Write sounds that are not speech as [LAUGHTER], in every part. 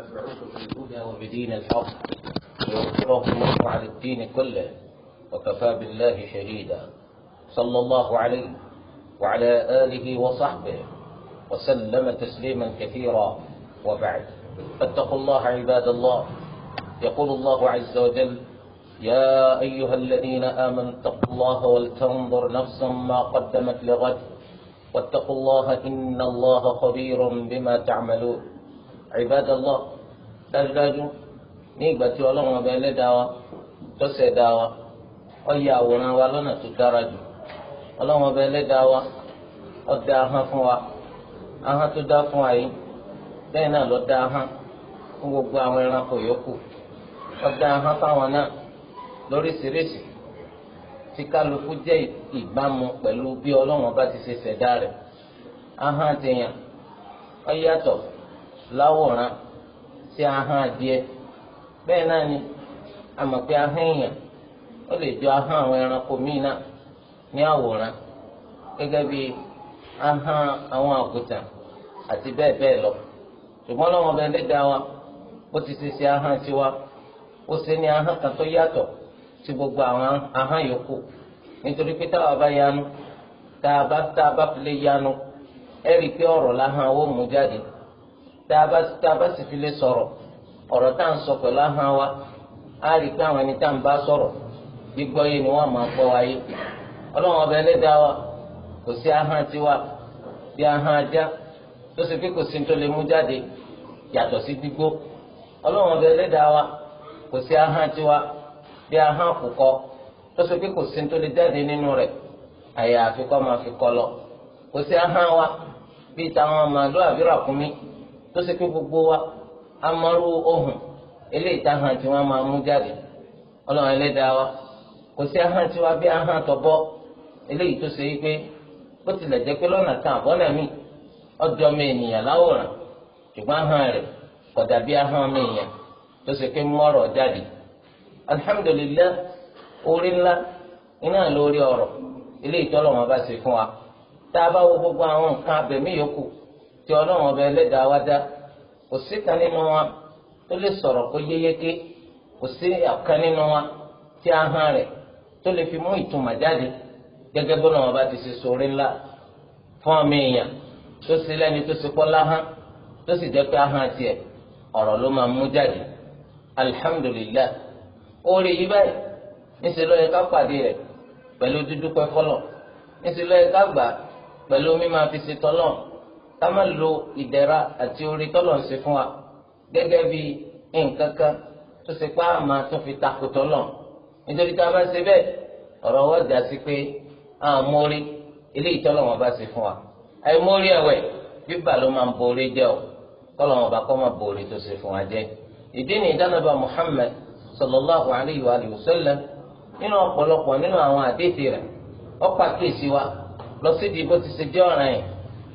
تتبعوه بالهدى وبدين الحق ويوفقه الله على الدين كله وكفى بالله شهيدا صلى الله عليه وعلى آله وصحبه وسلم تسليما كثيرا وبعد فاتقوا الله عباد الله يقول الله عز وجل يا أيها الذين آمنوا اتقوا الله ولتنظر نفس ما قدمت لغد واتقوا الله إن الله خبير بما تعملون Ibadallah dájúdájú ní ìgbà tí ọlọ́run ọba wa tọ́sẹ̀ dá wa ó ya àwòrán wa lọ́nà tó dára jù ọlọ́run ọba wa ó ahọ́n fún wa ahọ́n tó dá fún wa yìí bẹ́ẹ̀ náà ló dá fún gbogbo àwọn ẹranko yòókù ó ahọ́n fáwọn náà lóríṣiríṣi tí kálukú jẹ́ ìbámu pẹ̀lú bí ọlọ́run ọba ti ṣe ṣẹ̀dá rẹ̀ ahọ́n àtẹ̀yàn láwòrán si aha adìẹ bẹ́ẹ̀ náà ni àmọ̀ pé ahọ́n èèyàn ó lè jọ ahọ́n àwọn ẹranko míì náà ní àwòrán gẹ́gẹ́ bí ahọ́n àwọn àti bẹ́ẹ̀ bẹ́ẹ̀ lọ ṣùgbọ́n lọ́wọ́ bẹ́ẹ̀ lé dáa wa ó ti ṣe ṣe ahọ́n tiwa ó ṣe ní ahọ́n kan gbogbo àwọn ahọ́n yòókù nítorí pé táwa bá yanu taa bá fi lè yanu tá a sì fi lè sọ̀rọ̀ ọ̀rọ̀ tá à ń sọ pẹ̀lú ahọ́n wa á rí i pé àwọn ẹni tá à ń sọ̀rọ̀ gbígbọ́ yé ni wọ́n máa gbọ́ wa yé ọlọ́run ọba ẹlẹ́dàá wa kò sí ahọ́n tiwa bí ahọ́n ajá tó kò sí tó yàtọ̀ sí gbígbó ọlọ́run ẹlẹ́dàá wa kò sí ahọ́n bí ahọ́n tó ṣe pé gbogbo wa amárú ohun eléyìí tá hàn tí wọ́n máa mú jáde ọlọ́run ẹlẹ́dàá wa kò sí ahọ́n tí wọ́n bí ahọ́n tọ́bọ́ eléyìí tó ṣe pé bó tilẹ̀ jẹ́ pé lọ́nà kan àbọ́nà mi ọjọ́ mi ènìyàn láwòrán ṣùgbọ́n ahọ́n rẹ̀ kò dàbí mi tó ṣe pé mọ́rọ̀ jáde orí ńlá iná lórí fún wa tá a gbogbo àwọn nǹkan abẹ̀mí yòókù tí ọlọ́run ọba ẹlẹ́dàá wá dá kò sí kan nínú wa tó lè sọ̀rọ̀ kó yéyéké kò sí ọ̀kan nínú wa tí ahọ́n rẹ̀ tó lè fi mú ìtumọ̀ jáde gẹ́gẹ́ bó lọ́wọ́ bá ti ṣe sórí ńlá fún ọmọ èèyàn tó sì lẹ́ni tó sì pọ́ láhán tó sì jẹ́ pé ahọ́n tiẹ̀ ọ̀rọ̀ ló máa mú jáde alihamudulilayi oore yìí báyìí níṣẹ́ ló ká pàdé rẹ̀ pẹ̀lú dúdú pẹ́ fọlọ̀ níṣẹ́ ló ká gbà pẹ̀lú mímọ́ àfi ṣe tọ́lọ́ọ̀ ká má lo ìdẹ̀ra àti orí tọ́lọ̀ ń ṣe fún wa gẹ́gẹ́ bí nǹkan kan tó ṣe pé àmà tó fi takò tọ́lọ̀ nítorí tá a bá ṣe bẹ́ẹ̀ ọ̀rọ̀ wọ́n dà sí pé àmórí eléyìí tọ́lọ̀ wọn bá ṣe fún wa àìmórí ẹ̀wẹ̀ bíbà ló máa ń borí jẹ́ o tọ́lọ̀ wọn bá kọ́ máa borí tó ṣe fún wa jẹ́ ìdí ni ìdánilọ́ba Muhammad sallallahu alayhi wa sallam nínú ọ̀pọ̀lọpọ̀ nínú àwọn àdéhìí rẹ̀ ó pàkíyèsí wa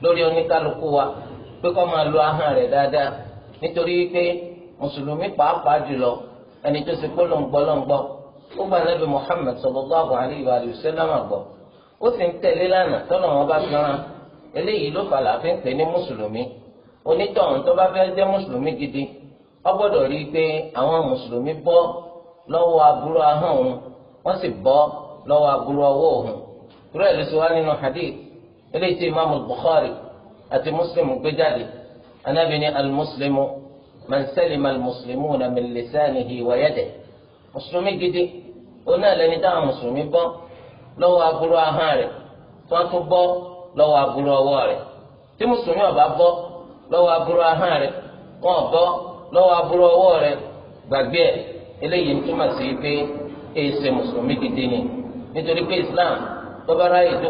lórí oníkálukú wa pé kó máa lo ahọ́n rẹ̀ dáadáa nítorí pé mùsùlùmí pàápàá jùlọ ẹni tó ti gbólóńgbọ́ lọ́ngbọ́ ó gba Ànábì Muhammad sallallahu alayhi wa sallam gbọ́ ó sì ń tẹ̀lé lánàá tọ́nà wọn bá gbọ́n eléyìí ló fà láàfin pè ní mùsùlùmí onítọ̀hún tó bá fẹ́ jẹ́ mùsùlùmí gidi ó gbọ́dọ̀ rí i pé àwọn mùsùlùmí bọ́ lọ́wọ́ aburú ahọ́n òun wọ́n sì bọ́ lọ́wọ́ aburú ọwọ́ òun kúrẹ́ ló wá nínú hadith eléyìí tí imaamu bukhari àti muslim gbé jáde anabi ni almuslimu man salima almuslimuna min lisanihi wa yadihi mùsùlùmí gidi òun náà lẹni táwọn mùsùlùmí bọ́ lọ́wọ́ aburú ahọ́n rẹ̀ tí wọ́n tún bọ́ lọ́wọ́ aburú ọwọ́ rẹ̀ tí mùsùlùmí ọba bọ́ lọ́wọ́ aburú ahọ́n rẹ̀ wọ́n bọ́ lọ́wọ́ aburú ọwọ́ rẹ̀ gbàgbé ẹ̀ eléyìí túmọ̀ sí pé èsè mùsùlùmí gidi ni nítorí pé islam tó bá ráyè tó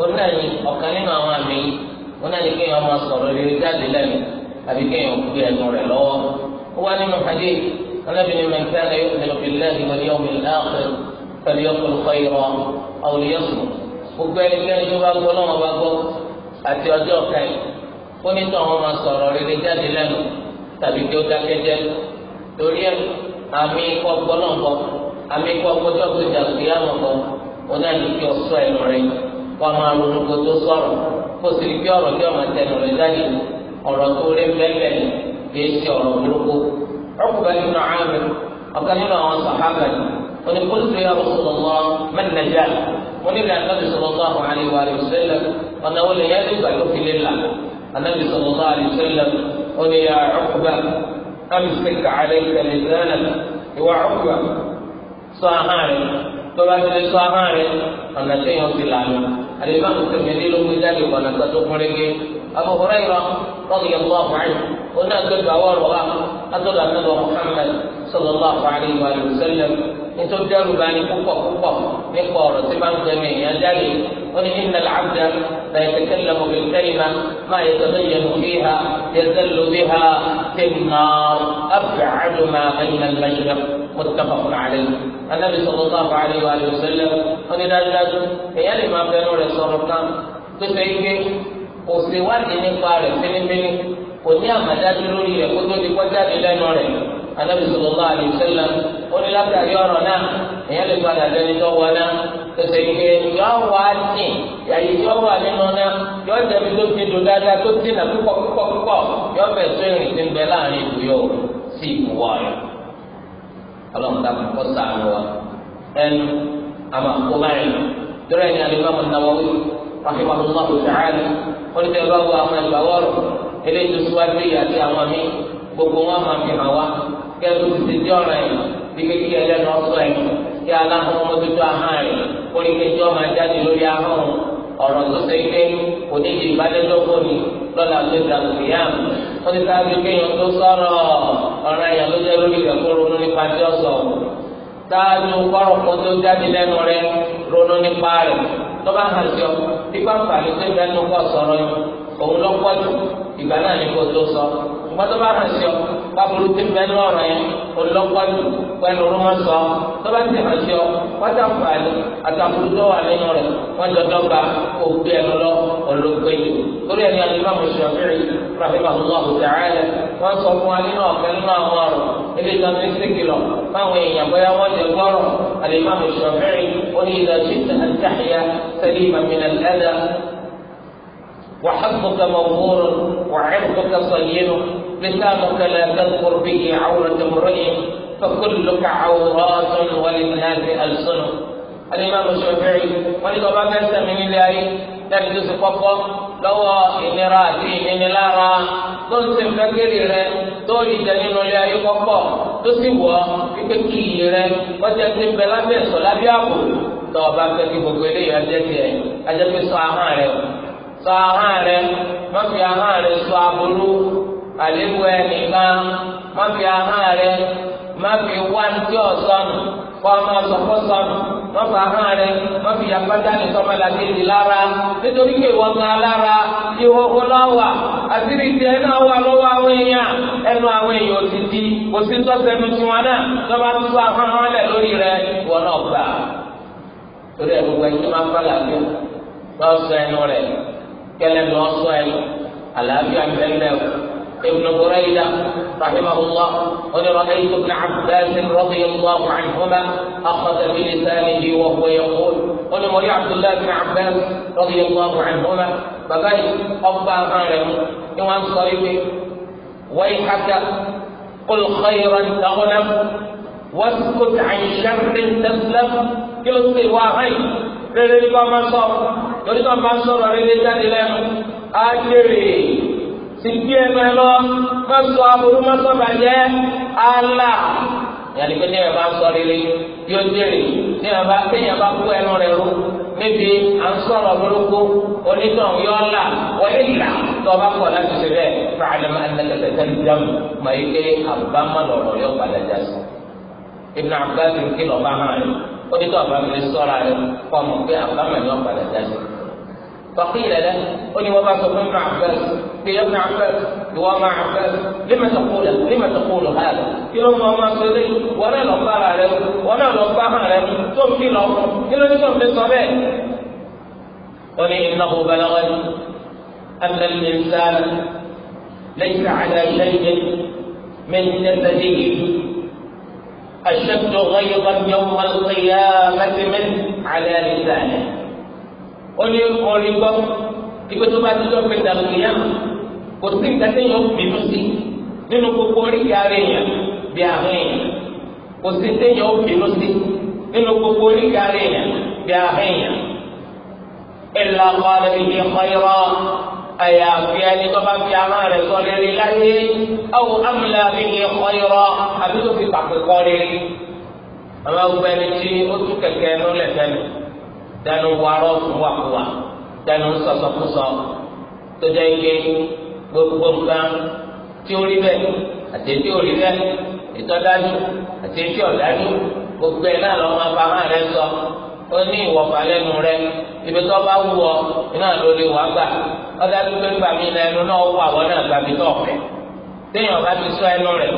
òun náà ní ọ̀kan nínú àwọn àmì yìí òun náà ní kéèyàn máa sọ̀rọ̀ rere jáde lẹ́nu àbí kéèyàn gbé ẹnu rẹ̀ lọ́wọ́ ó wá nínú hadith alábìnrin mẹ́tẹ́lẹ̀ yóò tẹ̀lé billahi wal yawmil akhir falyaqul khayran aw liyasmut gbogbo ẹnikẹ́ni tó bá gbọ́ lọ́wọ́ bá gbọ́ àti ọjọ́ kẹ́yìn ó ní tọ́wọ́n máa sọ̀rọ̀ rere jáde lẹ́nu tàbí kí ó dákẹ́jẹ́ torí ẹ̀ àmì ikọ̀ gbọ́ lọ́wọ́ àmì ikọ̀ gbọ́dọ̀ gbọ́dọ̀ gbìyànjú ọ̀gbọ́n ó náà ní kí ọ wọn máa ronú kó tó sọ̀rọ̀ kó sì rí bí ọ̀rọ̀ tí ọmọ tẹnu rẹ̀ jáde ọ̀rọ̀ tó rí bẹ́ẹ̀ kì í ṣe ọ̀rọ̀ burúkú. Uqba ibn Amir ọ̀kan nínú àwọn sàhábà ni wọ́n ní qultu ya Rasulullah man najal wọ́n ní Ànábì sallallahu alaihi wa sallam ọ̀nà wọ́n ní ya Uqba amsik alayka tó bá ti lè sọ ahọ́n rẹ ọ̀nà téèyàn fi là lọ àdébá kò tẹ̀mí ní lóko jáde wọ̀ nà tó kúrégé Abu Hurairah radiyallahu anhu ó náà tó gbà wọ́ọ̀rọ̀ wa adọ́dọ̀ àtọ́dọ̀ Muhammad sallallahu alaihi wa sallam nítorí dẹ́rù bá ní púpọ̀ púpọ̀ nípa ọ̀rọ̀ tí máa ń tẹ̀mí èèyàn jáde ó ní innal abda la yatakallamu bil kalima ma yatadayyanu biha yazallu biha timma. أبعد ما بين المشرق متفق عليه النبي صلى الله عليه وآله وسلم onídàájú èyàn lè máa fẹnu rẹ̀ sọ̀rọ̀ kan tó ṣe é gbé kò ṣèwádìí nípa rẹ̀ fínífíní kò ní àmàdájú lórí rẹ̀ kó tó di kọjáde lẹ́nu rẹ̀ anabi sallallahu alayhi wa sallam onílàkàrí ọ̀rọ̀ náà èyàn lè padà lẹni tó wọ náà tó ṣe é gbé yọ wá tì yàyí yọ wà nínú náà yọ jẹbi tó ti dùn dáadáa tó ti nà púpọ̀ púpọ̀ púpọ̀ yọ bẹ̀ sóyìn ti ń bẹ láàrin ìlú yòó sí ìmúwọ́ rẹ̀ ọlọ́run dàpọ̀ kọ́ sàánù wa ẹnu àmà kó báyìí dọ́rọ̀ ẹ̀yìn alimami Nawawi rahimahullahu ta'ala wọ́n ti bá wọ àwọn ìgbàwọ́rọ̀ eléyìí tó síwájú yìí àti àwọn míì gbogbo wọn máa fi hàn wá kẹ́lú ti ti di ọ̀ràn yìí bí kékeré ẹlẹ́nu ọ̀sán yìí kí aláhùn ọmọdé tó ahọ́n rẹ̀ kó ní kékeré ọmọ jáde lórí ahọ́n ọ̀rọ̀ tó ṣe pé oníṣe ìbádẹ́jọ́ fóònù lọ́la lẹ́gbẹ̀ẹ́ àlùfíàm wọ́n ti sáájú kéèyàn tó sọ̀rọ̀ ọ̀rọ̀ àyàn ló jẹ́ lórí ìrẹ̀kọ́ ronú nípa tí ó sọ sáájú kọ́rọ̀ kan tó jáde lẹ́nu rẹ ronú nípa rẹ̀ tó bá hàn sí ọ òun lọ pọ́jù ìgbà náà ní kó tó sọ ìgbà tó bá hàn sí ọ káburú tí ń bẹ ní ọ̀rọ̀ yẹn òun lọ pọ́jù pẹ̀lú rúmọ́ sọ tó bá ti hàn sí ọ wájà fàálì àtàkùn tó wà nínú rẹ̀ wọ́n jọ dọ́gba ògbé ẹnu lọ olóògbé yìí torí ẹni àdúrà mùsùlùmí rahimahullah ta'ala wọ́n sọ fún wa nínú ọ̀kẹ́ nínú àwọn ọ̀rọ̀ ilé ìtàn ní síkìlọ̀ fáwọn èèyàn bóyá wọ́n ti gbọ́rọ̀ àdìmá mùsùlùmí ó ní ìdájí àtàkìyà sẹ́lẹ̀ وحظك موفور وعرضك صين لسانك لا تذكر به عورة امرئ فكلك عورات وللناس ألسن الإمام الشافعي ولقد بابس من الله تجلس فقط لو إمراتي إن لارا تنسي فكري torí ìdánimọ̀ ilé ayé kọ́kọ́ tó sì wọ́ pípé kí iye rẹ wọ́n ti ẹsẹ̀ bẹ lábẹ́ ẹ̀sọ́ lábẹ́ ààbò tó o sọ ahọ́n rẹ má fi ahọ́n rẹ sọ aburú àléwu ẹnìkan má fi ahọ́n rẹ má fi wá ní ọ̀sánù kọ́ ọmọ sọ̀kọ́ sọ̀nù má fi ahọ́n rẹ má fi ní lára nítorí pé ìwọ ga lára ìhòhò lọ́wà àtìrí tiẹ̀ náà wà lọ́wọ́ àwọn èèyàn ẹnu àwọn èèyàn ò ti di kò sí tiwọn náà tó sọ ahọ́n lórí náà gbà torí ẹ̀ gbogbo kẹlẹ lọ sọ ẹ lọ àlàáfíà ń bẹ́ẹ̀ ابن بريدة رحمه الله قال رأيت ابن عباس رضي الله عنهما أخذ بلسانه وهو يقول قال مري عبد الله بن عباس رضي الله عنهما فبين أبا غنم إمام صريبي ويحك قل خيرا تغنم واسكت عن شر تسلم كل سواهين rere ní bá máa sọ lórí bá máa sọ̀rọ̀ rere jáde lẹ́nu á kéré sì bí ẹnu ẹ lọ má sọ aburú má sọ bàjẹ́ àlà yàrá pé níyàn bá sọ rere yóò jèrè níyàn bá kéèyàn bá kú ẹnu rẹ rú níbi à ń sọ̀rọ̀ burúkú onítàn yóò là wọ́n ìlà tó bá kọ̀ láti ṣe bẹ́ẹ̀ fàlẹ́mà ẹ̀ńdẹ́gbẹ̀sẹ̀ tẹ́lẹ̀ dẹ́mu mà yí pé àbámọ̀ lọ̀rọ̀ yóò padà já sí. Ibn Abbas kìlọ̀ bá hàn yìí. ó ní الصلاة àbá mi lè sọ́ra rẹ kọ́ ọmọ فقيل له قل وما تقول ابن عباس قيل ابن عباس وما عباس لما تقول لما تقول هذا قيل وما صدي وانا لو عليه وانا لو عليه ثم في لو قيل لكم في الصباح قل انه بلغني ان الانسان ليس على شيء من جسده أشد غيظا يوم القيامة من على لسانه oni kọrin gbọ ibi tó bá dúró pé dàlùyàn kò sí nǹkan tí yóò bínú sí nínú gbogbo oríkì ara èèyàn bí ahọ́n èèyàn kò sí tí yóò bínú sí nínú gbogbo oríkì ara èèyàn bí ahọ́n èèyàn. ilà kọ́ ọ́ lẹ́yìn ìyẹn kọ́ irọ́ ẹ̀yà àfi ẹni tó bá fi àmà rẹ̀ sọ rere láyé awo amúlẹ̀ àbíyẹ ọ̀yọ́ àbí tó fi pàpẹ́ kọ́ rere àwọn ọgbẹ́ ni tí ó tún kẹ̀kẹ́ lọ́lẹ̀ fẹ́mi dànù wàrọ̀ fún wàkúwà dànù sọ̀sọ̀kúsọ tó jẹ́ ike gbogbo nǹkan tí ó rí bẹ́ẹ̀ àti tí ó rí bẹ́ẹ̀ ìtọ́dájú àti tí ọ̀dájú gbogbo ẹ̀ náà lọ́ máa fa àmà rẹ̀ sọ. onye ní ìwọ̀fà lẹ́nu rẹ ibi tó bá wù ọ iná ló lè wá gbà ọ̀dà pípé gbàmí lẹ́nu náà wà wọ́n náà gbàmí náà fẹ́ téèyàn bá ti sọ ẹnu rẹ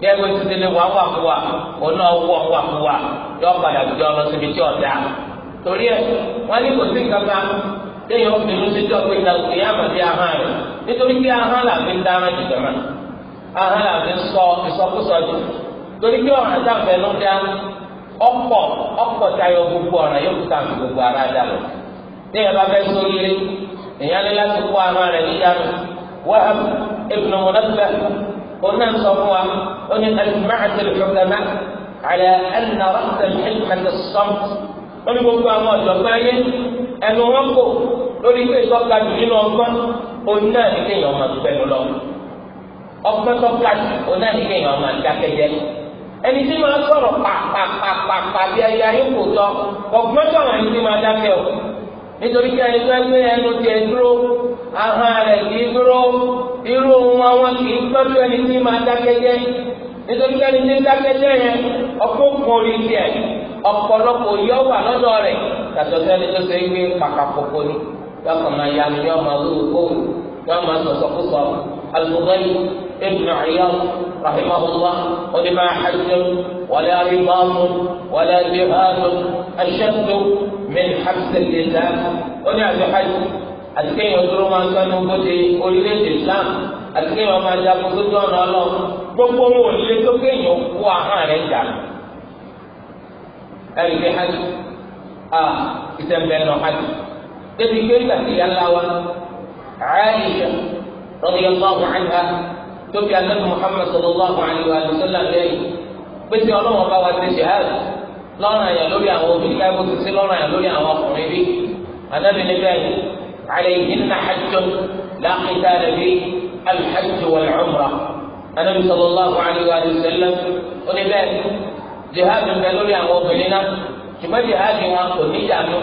ti tẹ́lẹ̀ wà wà fún wa òun náà wọ wà fún wa yọ padà gbé ọ lọ síbi tí ọdá torí ẹ wọn ní kò sí kankan téèyàn fi mú sí pé ìdàgbé bí rẹ nítorí pé là fi ń dáná jù jọmọ là fi ń sọ ìsọkúsọ jù torí pé ọ̀pọ̀ ọ̀pọ̀ tayọ gbogbo ọ̀ràn yóò tà mí gbogbo ara dà lọ. ní ìyá bá fẹ́ sóríire èèyàn lé láti kó ara rẹ̀ níyanu Wahab ibn Munabbih oní sọ fún wa ó ní alimacatiri xukama ala ana rasa xilmata sọmt ó ní gbogbo àwọn ọ̀dọ́gbọ́n ayé ẹnu wọn kò lórí pé ìtọ́ka jù nínú ọgbọ́n oní náà ní kéèyàn máa gbẹnu lọ ọgbọ́n tọ́ka jù oní náà ní kéèyàn máa dákẹ́jẹ́ ẹni tí máa sọ̀rọ̀ pàpàpàpà bí ayé ayé kò tọ́ ọ̀gbọ́n sọ̀rọ̀ ẹni tí máa dákẹ́ o nítorí kí ẹni tó ẹgbẹ́ ẹnu tiẹ̀ dúró ahọ́n rẹ̀ kì í dúró irú wọn wọn kì í tọ́jú ẹni tí máa dákẹ́ jẹ́ nítorí kí ẹni tí ń dákẹ́ jẹ́ yẹn ọkọ̀ kórì tiẹ̀ ọ̀pọ̀lọpọ̀ yọ wà lọ́dọ̀ rẹ̀ tàtọ̀ sẹ́ni tó ṣe gbé pàkàpọ̀pọ̀ ni yọ ابن عياض رحمه الله قل ما حد ولا رباط ولا جهاد الشد من حبس اللسان قل يعني حد أتكين يدرو ما كانوا بدي قل الإسلام أتكين وما جابوا سجون الله gbogbo wọn ò lè tó kéèyàn kú ahọ́n rẹ̀ jà ẹ̀rí pé hajj a ìtẹ̀m̀bẹ̀ nọ hajj débi pé ìgbà tóbi alẹ́ muhammed sallallahu alayhi wa sallam lẹ́yìn pèsè ọlọ́wọ́n bá wa ti ṣèhàdù lọ́rùn àyàn lórí àwọn obìnrin káyọ̀ tó ti lọ́rùn àyàn lórí àwọn ọkùnrin bí anábì ní bẹ́ẹ̀ alayhinna hajjun la qitala fi alhajj wal umrah anábì sallallahu alayhi wa sallam ó ní bẹ́ẹ̀ jihadu ń bẹ lórí àwọn obìnrin náà ṣùgbọ́n jihadu wọn kò ní ìyànú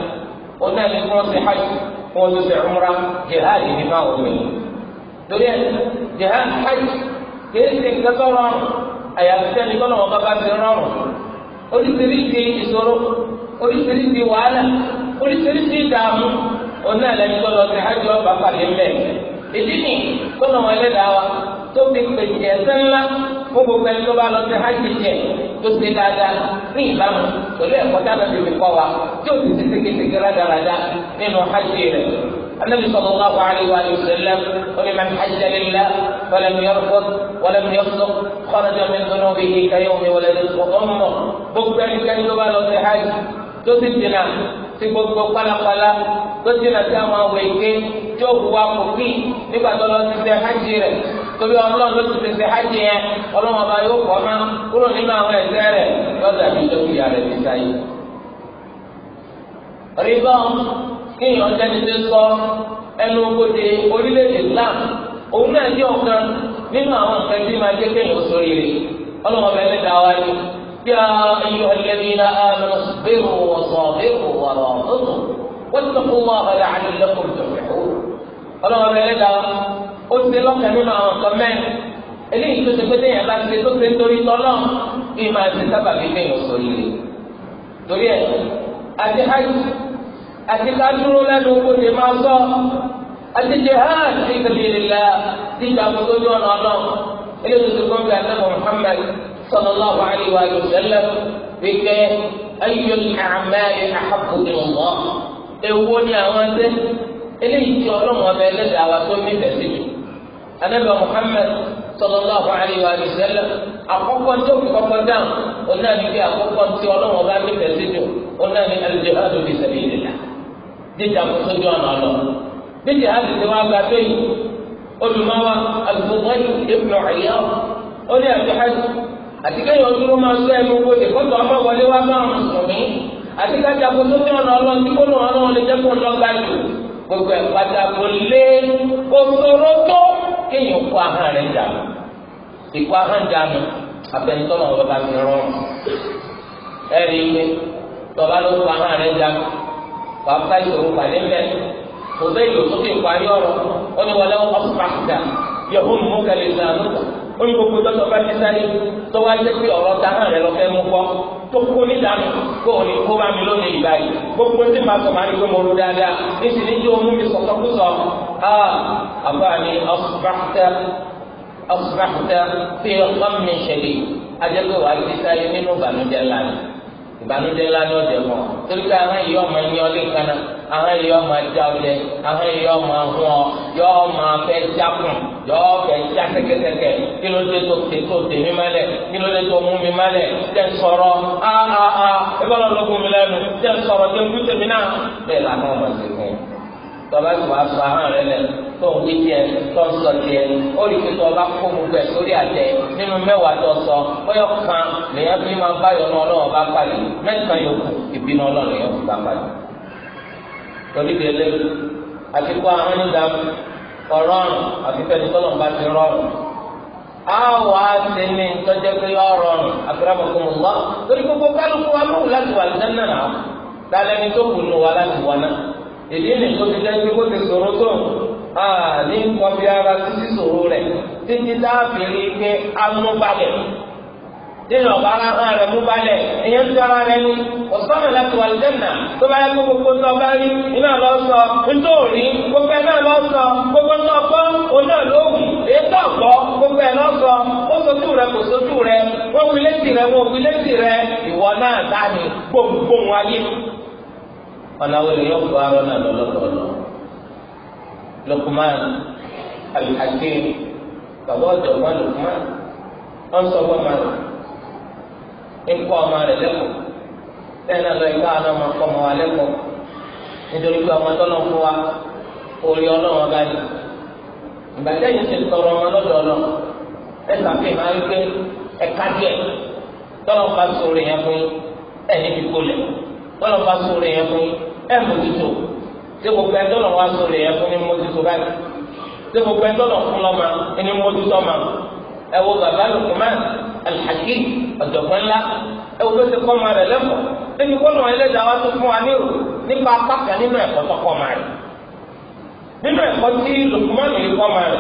ó náà ní kí hajj kí wọ́n tó ṣe umrah jihadu ní fáwọn obìnrin. torí ẹ jihad hajj a ṣe nǹkan a rọrùn àyàfi sẹ́ni kọ́nà wọn ti rọrùn oríṣiríṣi ìṣòro oríṣiríṣi wàhálà oríṣiríṣi ìdààmú ọ̀nà ìlànà tó lọ sí hajj ọba pàdé mbẹ ìdí ni wa tó fi fún gbogbo tó bá hajj tó ní ìbámu wa النبي صلى الله عليه وآله وسلم ولمن حج لله فلم يرفض ولم يفسق خرج من ذنوبه كيوم ولدته أمه بكبر كان يبالغ في حج تسجنا ti gbogbo kpalakpala tó dina sí àwọn àwọn èké tó wà kòkì nígbà tó lọ ti ṣe hajj rẹ torí ọlọ́run ló ti ṣe hajj yẹn ọlọ́run ọba yóò kọ́ ọ́nà kúrò nínú àwọn ẹ̀ṣẹ̀ rẹ lọ́dà bíi lókè yàrá ìbísáyé. rìbọn kéèyàn jẹ́ni tó sọ ẹnu ogóde orílẹ̀-èdè Islam òun náà jẹ́ ọ̀kan nínú àwọn nǹkan tí máa jẹ́ kéèyàn sọ rere ọlọ́mọ bẹ́ẹ̀ ní dáwà ni bí a ayọ̀ ẹlẹ́ni iná àmọ́ bẹ́ẹ̀rù wọ̀sán bẹ́ẹ̀rù wọ̀rọ̀ ọ̀hún wọ́n ti kó wọn ọ̀rẹ́ àdìlẹ́kùn tòmìhó ọlọ́mọ bẹ́ẹ̀ ní dáwà ó ti lọ́kàn nínú àwọn nǹkan mẹ́rin àti kádúró lẹ́nu kó lè máa sọ àti jihad fi sabilillah ti ìjàmbá tó ní ọ̀nà ọ̀nà eléyìí tó kọ́ bí anábọ̀ Muhammad sallallahu alayhi wa sallam wípé ayé àmàlí àhàkù ìwọ̀n ewu ni àwọn ẹsẹ̀ eléyìí tí ọlọ́run ọbẹ̀ ẹlẹ́dàá wa tó nífẹ̀ẹ́ sí mi anábọ̀ Muhammad sallallahu alayhi wa sallam àkọ́kọ́ tó kọ́kọ́ dáhùn ọ̀nà ni bí àkọ́kọ́ tí ọlọ́run ọba nífẹ̀ẹ́ sí mi ọ̀nà ni al-jihad fi sabilillah. níjàmbá sójú ọ̀nà lọ. bí jihadi ti wá gba tó yìí olùmọ́wá alùpùpù ibn Iyad ó ní àti hajj àti kéèyàn dúró máa sọ ẹnu ọmọ wọlé wá bá àti kájà kó sójú ọ̀nà wọn lè jẹ́ kó jù gbogbo ẹ̀ lé tó kéèyàn kó ahọ́n rẹ̀ ìkó ahọ́n ọ̀rọ̀ bá rọrùn wàá bá ìṣòro pàdé ńlẹ̀ kò sẹ́yìn ló sókè parí ọ̀rọ̀ ó ní wọlé ọ̀pàkìtà yẹ̀hó mú kẹlẹ̀ ìsàlùkà ó ní gbogbo tọ́tọ́ bá ti sáré tó wá jẹ́ pé ọ̀rọ̀ ta náà rẹ lọ fẹ́ mú kọ́ tó kó nídàánù kó o ní kó bá mi lónìí ìbáyìí gbogbo tí màá sọ màá ní pé mo ru dáadáa èsì ní tí o mú mi sọ̀tọ̀ kú sọ àbáni ọ̀pàkìtà ọ̀pàkìtà fi ọ̀pọ̀ mi ṣẹlẹ̀ ìbànújẹ́ ńlá ní ọ̀jẹ̀ mọ́ torí pé àwọn èyí ọmọ ẹni ọlé nǹkan náà àwọn èyí ọmọ ajá ọlẹ àwọn èyí ọmọ ahọ́n yọ ọmọ afẹ́ jákùn yọ ọfẹ́ já sẹ́kẹ́sẹ́kẹ́ kí ló dé tó tè tó tè mí mọ́lẹ̀ kí ló dé tó mú mi mọ́lẹ̀ tẹ̀ sọ̀rọ̀ áá áá ẹ bá lọ́ọ́ lọ́gùn mi lẹ́nu tẹ̀ sọ̀rọ̀ tẹ̀ kú tèmi náà bẹ́ẹ̀ làwọn ọmọ ìsìnkú tọba tó wàá sọ ahọ́n rẹ lẹ tó ń wí tiẹ̀ tó ń sọ tiẹ̀ ó lè fi tọba kó gbogbo ẹ̀ sórí àtẹ nínú mẹ́wàá tó sọ bóyá kan lèyàn fi máa bá yọ̀nà ọlọ́run bá pàdé mẹ́sàn-án yòókù ìbínú ọlọ́run lèyàn fi bá pàdé. torí àti kó ahọ́n ní ọ̀rọ̀rùn àti ti rọrùn. a wà á ti ní pé yọ èdè ní tó ti jẹ́ kó ti sọ̀rọ̀ tó ní nǹkan bí ara títí sọ̀rọ̀ rẹ̀ títí dáàbì rí pé amúbalẹ̀ nínú ọ̀pá ara hàn rẹ̀ mú balẹ̀ ara rẹ̀ ní ọ̀sánà láti wà lẹ́nà tó bá yẹ kó gbogbo ńlọ rí iná lọ sọ gbogbo ẹ̀ náà lọ sọ gbogbo gbọ́ ló wù ọ̀nà wo lè yọ bọ arọ náà lọ́lọ́dọ̀ọ́lọ́ Lukman al bàbá ọ̀jọ̀gbọ́n Lukman wọ́n sọ fún ọmọ rẹ̀ ọmọ rẹ̀ lẹ́kọ̀ọ́ bẹ́ẹ̀ náà lọ ìgbà àná ọmọ kọ́ ọmọ wa lẹ́kọ̀ọ́ nítorí pé ọmọ fún tọrọ ọmọ lọ́dọ̀ ọlọ́ ẹ̀ka fi máa ń gbé ẹ̀ka díẹ̀ sórí fún ẹ̀ níbi bọ́lá bá sóore yẹn fún ẹ̀ mójútó ṣé gbogbo ẹ̀ tọ́lọ̀ wá sóore yẹn fún ní mójútó báyìí ṣé gbogbo ẹ̀ tọ́lọ̀ fún lọ́mọ ní mójútó ma ẹ wo bàbá Luqman alhaki ọ̀jọ̀gbọ́n ńlá ẹ wo bó ṣe kọ́ ọmọ rẹ̀ lẹ́kọ̀ọ́ ẹni kọ́ lọ́wọ́ ẹlẹ́dàá wá tó fún wa nírò nípa apá kan nínú ẹ̀kọ́ tó kọ́ ọmọ rẹ̀ nínú ẹ̀kọ́ tí Luqman yìí kọ́ ọmọ rẹ̀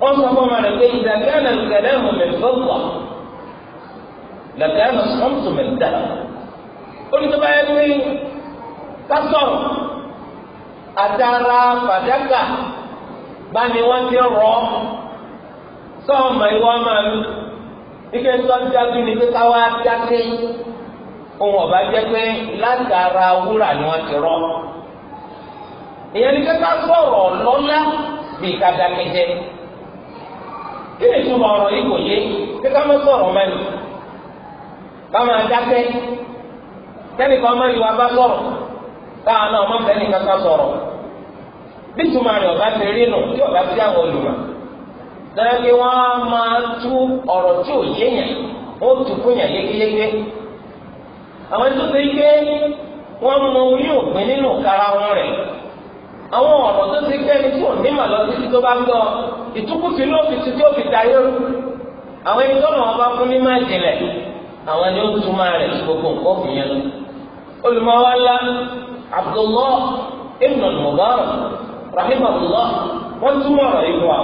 wọ́n sọ fún ọmọ rẹ̀ pé ìdàgbẹ́ onítọ́ba yẹn ní kásọ̀ àtàrà fàdákà bá ní wọ́n ti rọ̀ sọ́ọ̀mọ̀ ìwọ máa ń ike sọ́jà bí ni pé káwá dákẹ́ ohun ọ̀bá jẹ́ pé látara wúrà ni wọ́n ti rọ̀ ìyẹn ni pé ká sọ̀rọ̀ lọ́lá bí ká dákẹ́ jẹ́ kí ni ìtumọ̀ ọ̀rọ̀ yìí kò yé kí ká sọ̀rọ̀ mẹ́nu ká máa dákẹ́. kẹ́nìkan ọmọ ìwà bá sọ̀rọ̀ káwọn náà ọmọ bẹ́ẹ̀ nìkan ká sọ̀rọ̀ bí tuma ọba ti rí nù tí ọba ti àwọn olùmọ̀ lẹ́yìn kí wọ́n máa tú ọ̀rọ̀ tí ò yé yẹn ó tù fún yẹn yékéyéké àwọn tó ti gbé wọ́n orí òpin nínú wọn rẹ̀ àwọn ọ̀rọ̀ tó ti gbé tí ò ní títí tó bá gbọ́ ló fi ó fi àwọn ẹni tó lọ́wọ́ bá fún olùmọ̀wá ńlá Abdullah ibn al-Mubarak rahimahullah wọ́n túmọ̀ ọ̀rọ̀ yìí wá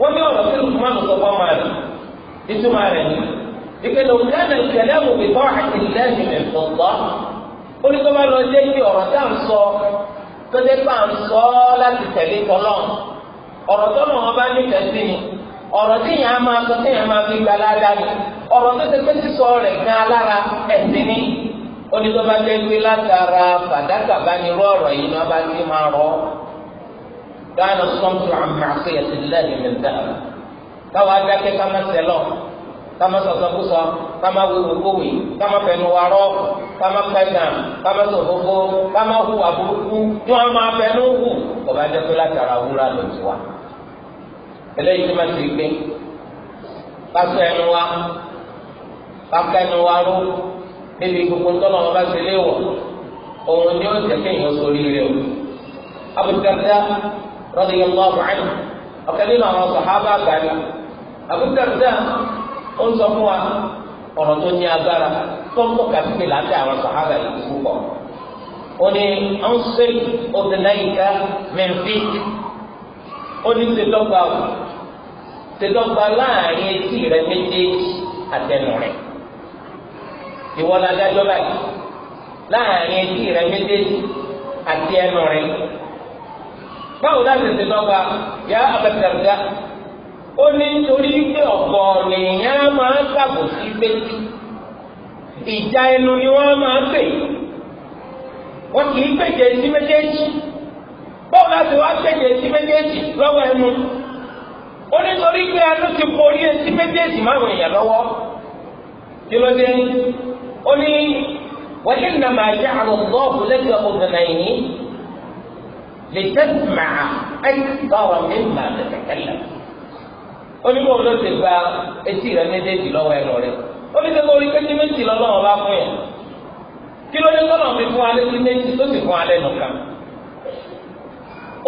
wọ́n ní ọ̀rọ̀ tí Luqman sọ fún ọmọ rẹ̀ ìtumọ̀ rẹ̀ ni ìpè ló ń dáná ìṣẹ̀lẹ̀ mú bí tọ́wọ́ àti lẹ́yìn ẹ̀fọ́gbọ́ ó ní kó bá lọ jẹ́ kí ọ̀rọ̀ tá à ń sọ tó dé bá ń sọ láti tẹ̀lé tọ́lọ́ ọ̀rọ̀ tọ́lọ́ wọn bá nífẹ̀ẹ́ sí ni ọ̀rọ̀ tí yẹn á máa sọ tí yẹn máa fi gbalá dání ọ̀rọ̀ tó ti pé rẹ̀ gan alára ẹ̀sìn ni ó ní tó bá jẹ́ pé látara fàdákà bá ní rọ ọ̀rọ̀ yìí ni wọ́n bá ti máa rọ gánà sọ́ńtò àmàṣe ẹ̀sìnlẹ̀ nìmẹ̀dá káwa dákẹ́ ká má sẹ́lọ̀ ká má sọ̀sọ́kúsọ ká má wíwò kówì ká má fẹnu wa rọ ká má pẹ̀tàn ká má sọ̀fófó ká má hùwà burúkú tí wọ́n máa fẹnu hù ti gbé ká fẹnu wa níbi gbogbo ńtọ́nà wọn bá ṣe léwọ̀ òun ni ó jẹ́ kéèyàn sórí rẹ̀ o. Abu Darda radiyallahu anhu ọ̀kẹ́ nínú àwọn sàhábà àgbàdì Abu Darda ó ń sọ fún wa ọ̀rọ̀ tó ní agbára tó ń bọ̀ kàfíkì láti àwọn sàhábà yìí púpọ̀. ó ní ọ̀nsẹ̀ òdìnnàyíká mẹ́fì ó ní ṣèdọ́gba ṣèdọ́gba láàrin etí rẹ̀ méjèèjì àtẹnu rẹ̀. ìwọ la dájọ́ báyìí láàrin etí rẹ méjèèjì àti ẹnu rẹ báwo láti ṣe lọ́gba yá abẹ́tẹ̀rẹ̀dá ó ní nítorí pé ọ̀pọ̀ nìyẹn máa ń sí létí ìjà ẹnu ni wọ́n máa pè wọ́n kì í pèjè sí méjèèjì báwo láti wá pèjè sí méjèèjì lọ́wọ́ ẹnu ó nítorí pé ẹnu ti borí etí méjèèjì máa ń rìn yà ó ní wọ́n ṣe nà máa jẹ́ àwọn bọ́ọ̀bù lẹ́gbẹ̀ẹ́ ọ̀gbìn ẹ̀yìn lè tẹ́sìmà ẹ̀kọ́rọ̀ mímà lẹ́tẹ̀kẹ́lẹ̀ ó ní bọ́ọ̀lù ló ti gba etí rẹ méjèèjì lọ́wọ́ ẹnu rẹ ó ní sẹ́kọ̀ orí kéjì méjì lọ́lọ́wọ́ bá fún yẹn kí ló ní sọ́nà fi fún alẹ́ sí méjì tó sì fún alẹ́ nìkan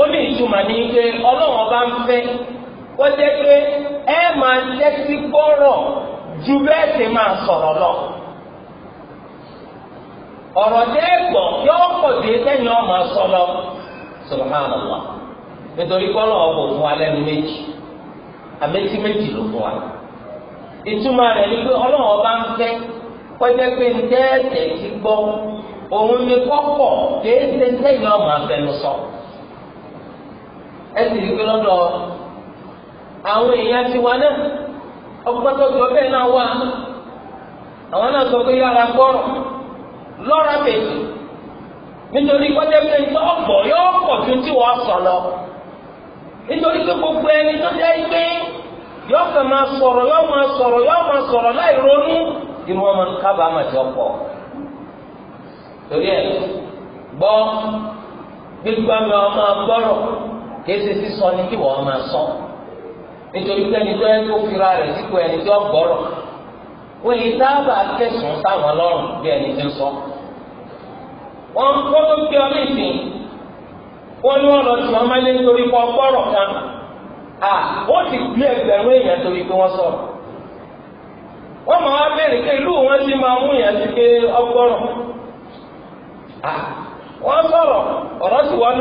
ó ìtumọ̀ ní pé ọlọ́wọ́n bá ń fẹ́ wọ́n jẹ́ pé ẹ máa tẹ́tí gbọ́rọ̀ ju bẹ́ẹ̀ sì máa sọ̀rọ̀ lọ. ọ̀rọ̀ tẹ́ẹ̀pọ̀ yóò pọ̀ sí sẹ́yìn ọmọ sọlọ subhanallah nítorí kọ́lọ̀ ọ̀bọ̀ fún wa lẹ́nu méjì àmẹ́tí méjì ló fún wa ìtumọ̀ rẹ̀ ni pé ń fẹ́ pé ń ti gbọ́ òun ni kọ́kọ̀ sẹ́yìn ọmọ afẹnu sọ ẹ sì rí pé lọ́dọ̀ àwọn èèyàn ti wá náà tó lọ́ra bẹ̀yìn nítorí pẹ́tẹ́ pé ní ọ̀pọ̀ yóò pọ̀ ju tí wọ́n sọ lọ nítorí pé gbogbo ẹni tó jẹ́ pé yóò kàn máa sọ̀rọ̀ yóò máa sọ̀rọ̀ yóò máa sọ̀rọ̀ láì ronú irú wọn kábàámà tí ọ̀pọ̀ torí ẹ̀ gbọ́ gbígbá mi ọmọ agbọ́rọ̀ kìí ṣe sísọ ni kí wọ́n sọ nítorí pé ẹni tó yẹ kó fira rẹ̀ sípò ẹni tó wọ́n yìí sábà kẹsùn sáwọn lọ́rùn bí ẹni ti ń sọ. wọ́n kọ́ wọ́n ní wọ́n lọ sí wọn máa lé nítorí kan ó ti gbé ẹgbẹ̀rún èèyàn torí pé wọ́n sọ̀rọ̀. wọ́n máa béèrè pé ìlú wọn ti máa mú èèyàn sí pé wọ́n sọ̀rọ̀ ọ̀rọ̀ sì wọ́n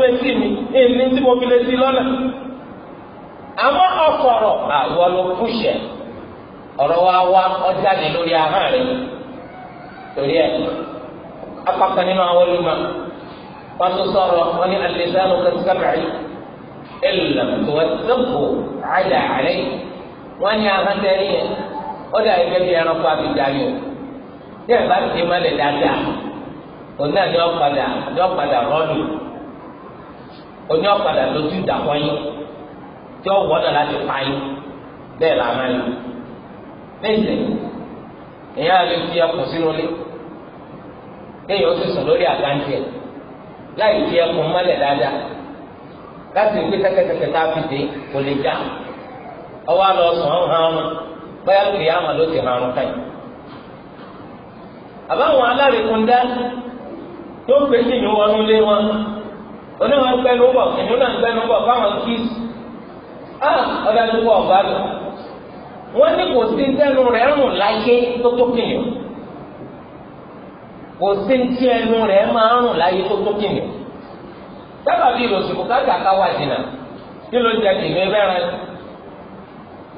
mi tí mo fi létí lọ́nà. àmọ́ ọ̀rọ̀ wa wá ọjà ní lórí ahọ́n rẹ̀ torí ẹ̀ apákan nínú àwọn olùmọ̀ wọ́n tún sọ̀rọ̀ wọ́n ní alẹ́sánú kẹsíkàbẹ̀rẹ̀ ẹ̀là tòwẹ́sẹ̀kù àjà àlẹ́ wọ́n ní ahọ́n yẹn ó dà ẹgbẹ́ bí ẹranko abidjan yìí tí ẹ̀ bá ti má lè dáadáa òun náà rọ́ọ̀lù òun lójú ìdàkọ́yìn tí ó wọ́dọ̀ láti pa yín bẹ́ẹ̀ làwọn nísìnyí èèyàn àlè fi ẹkùn sínú ilé kéèyàn ó sì sùn lórí àkáǹtì ẹ̀ láì fi ẹkùn mọ́lẹ̀ dáadáa láti gbé kẹ́kẹ́kẹ́kẹ́ tá a fi dé kò lè já ọwọ́ àlọ́ sùn ọ̀hún ọ̀hún bóyá kìí àmà ló ti hàn ká yìí. àbáwọn alárìkúndá tó gbé kìnìún wọnú lé wọn oníwọ̀n gbẹnu bọ̀ kìnìún náà gbẹnu bọ̀ fáwọn wọ́n ní kò sí tẹnu rẹ̀ rùn láyé tó tó kìnìún kò sí tí ẹnu rẹ̀ máa rùn láyé tó tó kìnìún sábà bíi ìlòsìkò káàkiri wà jìnnà kí ló ń jẹ kìnìún bẹ́ẹ̀rẹ̀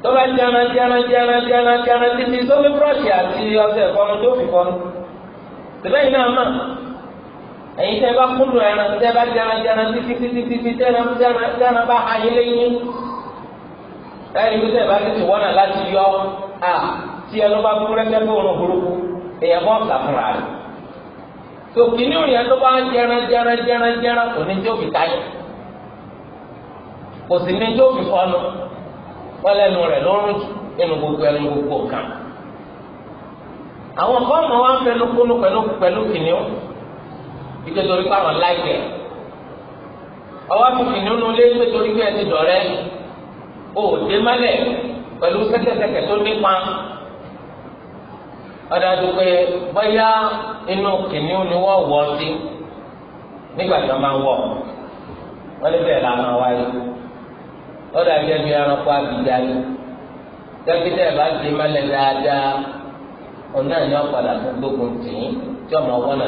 tọ́ba jẹ́ran jẹ́ran jẹ́ran jẹ́ran jẹ́ran títí sómi búrọ́ọ̀ṣì àti ọṣẹ ìfọnu tó fi fọnu tẹ́lẹ̀yìn náà mà ẹ̀yin tẹ́ bá kúndùn ẹran tẹ́ bá jẹ́ran jẹ́ran títí títí títí tẹ́ran jẹ́ran bá ayé lẹ́yìn ẹni pé sẹ́yìn bá tètè wọ́nà láti yọ à tí ẹ ló bá burú rẹ́gbẹ́ pé òun burúkú èèyàn bọ́ ọ̀sà fúnra rẹ̀ tó kìíní òyìn tó bá jẹran jẹran jẹran jẹran kò ní tí ó fi táyà kò sì ní tí ó fi fọnù wọ́n lẹ́nu rẹ̀ lọ́rùn jù nínú gbogbo ẹnu gbogbo kan àwọn kọ́ọ̀mù wa ń fẹnu kúnú pẹ̀lú pẹ̀lú kìnìún ike torí pé àwọn láìpẹ́ ọwọ́ fi kìnìún nulẹ̀ nítorí pé ẹ ti dọ̀rẹ́ o dé mọ́lẹ̀ pẹ̀lú sẹ́kẹ̀sẹ̀kẹ̀ tó nípa ọ̀dàdú pé bóyá inú kìnìún ni wọ́n wọ̀ sí nígbà tí wọ́n máa wọ̀ wọ́n lé bẹ́ẹ̀ làwọn wáyé ọ̀dàdú ẹbí ẹranko àbíjà ni dókítà bá dé mọ́lẹ̀ dáadáa ni wọ́n fún gbógun tì í tí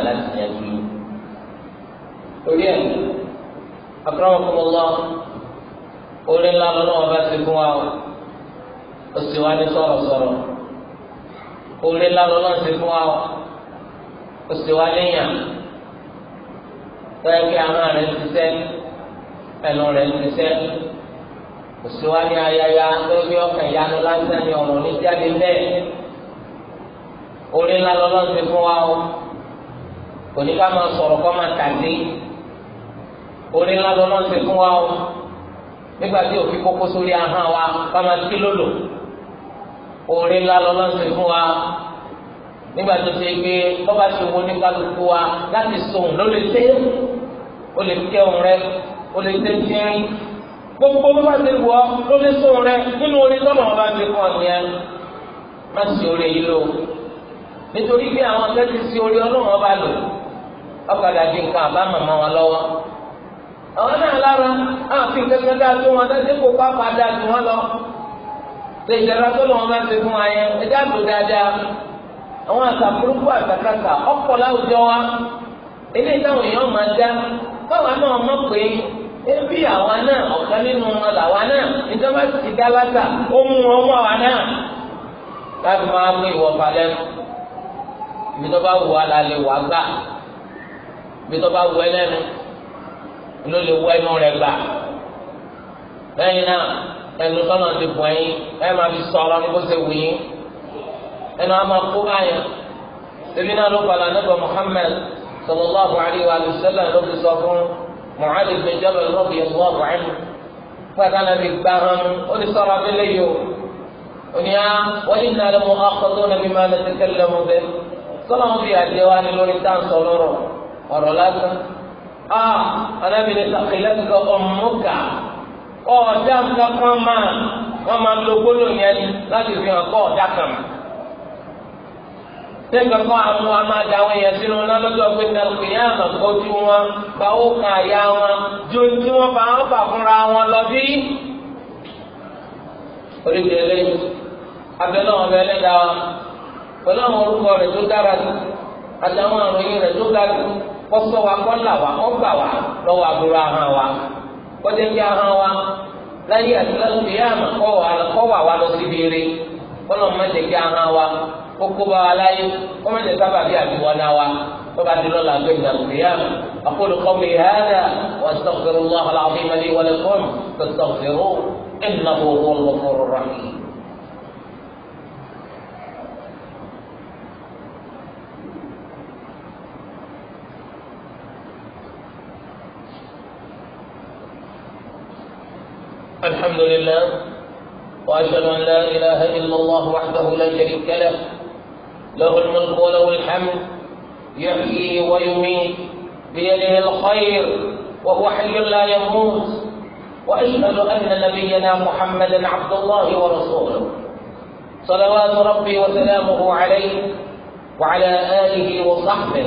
láti yẹn tu yìí. ẹ̀ lọ́wọ́. orí ńlá lọ́nà wọn bá ti fún wa o ó sì wá ní sọ̀rọ̀sọ̀rọ̀ orí ńlá lọ́nà ti fún wa o ó sì wá léyàn bẹ́ẹ̀ kí àwọn rẹ̀ ti sẹ́ ẹnu rẹ̀ ti sẹ́ ó sì wá ní ayaya bẹ́ẹ̀ kí ọkàn ìyanu lásán ni ọ̀rọ̀ ní jáde bẹ́ẹ̀ orí ńlá lọ́nà ti fún wa o kò ní ká máa sọ̀rọ̀ kọ́ máa tàdé orí ńlá lọ́nà ti fún wa o nígbà tí òfin kókó sórí ahọ́n wa bá máa ti lòlò òòrè ńlá lọ́lọ́sìn fún wa nígbà tó ṣe pé bọ́ba ṣe wo ní kálukú wa láti sòun ló lè ṣe ó lè kẹ́ òun rẹ ó lè ṣe tìrín gbogbo bọ́ba ṣe wọ ló lè sòun rẹ nínú orin lọ́nà ọba ṣe kàn yẹn má ṣe orí yìí lò nítorí pé àwọn akẹ́kọ̀ọ́ ṣe orí ọlọ́run ọba lò ọ̀kadà di nǹkan àbámọ̀mọ́ wọn lọ́wọ́. àwọn náà lára àfin kankan dáa tó wọn dáa dépò pápá dáa tó wọn lọ ṣe ìdára tó lọ́wọ́ máa ṣe fún wa yẹn ẹjẹ́ àtò dáadáa àwọn àtàkùrúkú àtàkàtà láwùjọ wa táwọn èèyàn máa dá báwa náà pé ebi àwa náà ọ̀kan nínú wọn làwa náà ìjọba ti dá ó mú wọn náà láti máa mú wù wá gbà ló lè wọ ẹnu rẹ gbà lẹ́yìn náà ẹnu tọ́nà ti bọ̀ ẹyin ẹ máa fi sọ̀rọ̀ ní bó ṣe wù yín ẹnu á máa kó báyà ebi náà ló padà nígbà Muhammad sallallahu alayhi wa sallam ló fi sọ fún Mu'adh ibn Jabal radiyallahu anhu pátá náà fi gbà hàn ó ní sọ̀rọ̀ abẹ́lẹ́ yìí o oníyà wọ́n yìí nàá lọ́mọ akọ́tọ́ nàbí máa lọ́sẹ̀kẹ́ lọ́mọ bẹ́ẹ̀ sọ́nà wọn fi àdéhùn á ní lórí táǹsọ̀ lọ́rọ̀ ọ̀rọ̀ lásán a ah, anábìrin sàkìlẹ́tùkọ ọ̀mùkà ọ̀ọ́dà kankan máa wọ́n máa lo gbólóhùn yẹn láti fi hàn kọ́ ọ̀dà kan mà. Ṣé kankan àmú amáda àwọn èèyàn sínú náà lọ́jọ́ pé nàlùkù yẹn àmọ̀ kojú wọn bá ó kàn àyà wọn ju tí wọ́n bá ń fà fúnra wọn lọ bí. Oríṣi eléyìí, abẹ́lẹ́ wọn bẹ́ẹ̀ lẹ́dàá wa, pẹ̀lú àwọn orúkọ rẹ̀ tó dára jù àtàwọn àròyìn rẹ̀ tó ga jù kọsọ wa kọlà wa kọgbà wa lọ́wọ́ aburú ahọ́n wa kọjá ń yá ahọ́n wa láyé àti lọ́sọ̀tì yá àmà kọ́wà wa lọ sí rere kọ́lọ̀ má jẹ́ kí wa kó bá wa láyé kó má sábà bí àtiwọ́nà wa kọ́ba ti lọ́la gbé ìdàgbé yá أقول قولي هذا وأستغفر الله العظيم لي ولكم فاستغفروه إنه هو الغفور الرحيم الحمد لله وأشهد أن لا إله إلا الله وحده لا شريك له له الملك وله الحمد يحيي ويميت بيده الخير وهو حي لا يموت وأشهد أن نبينا محمدا عبد الله ورسوله صلوات ربي وسلامه عليه وعلى آله وصحبه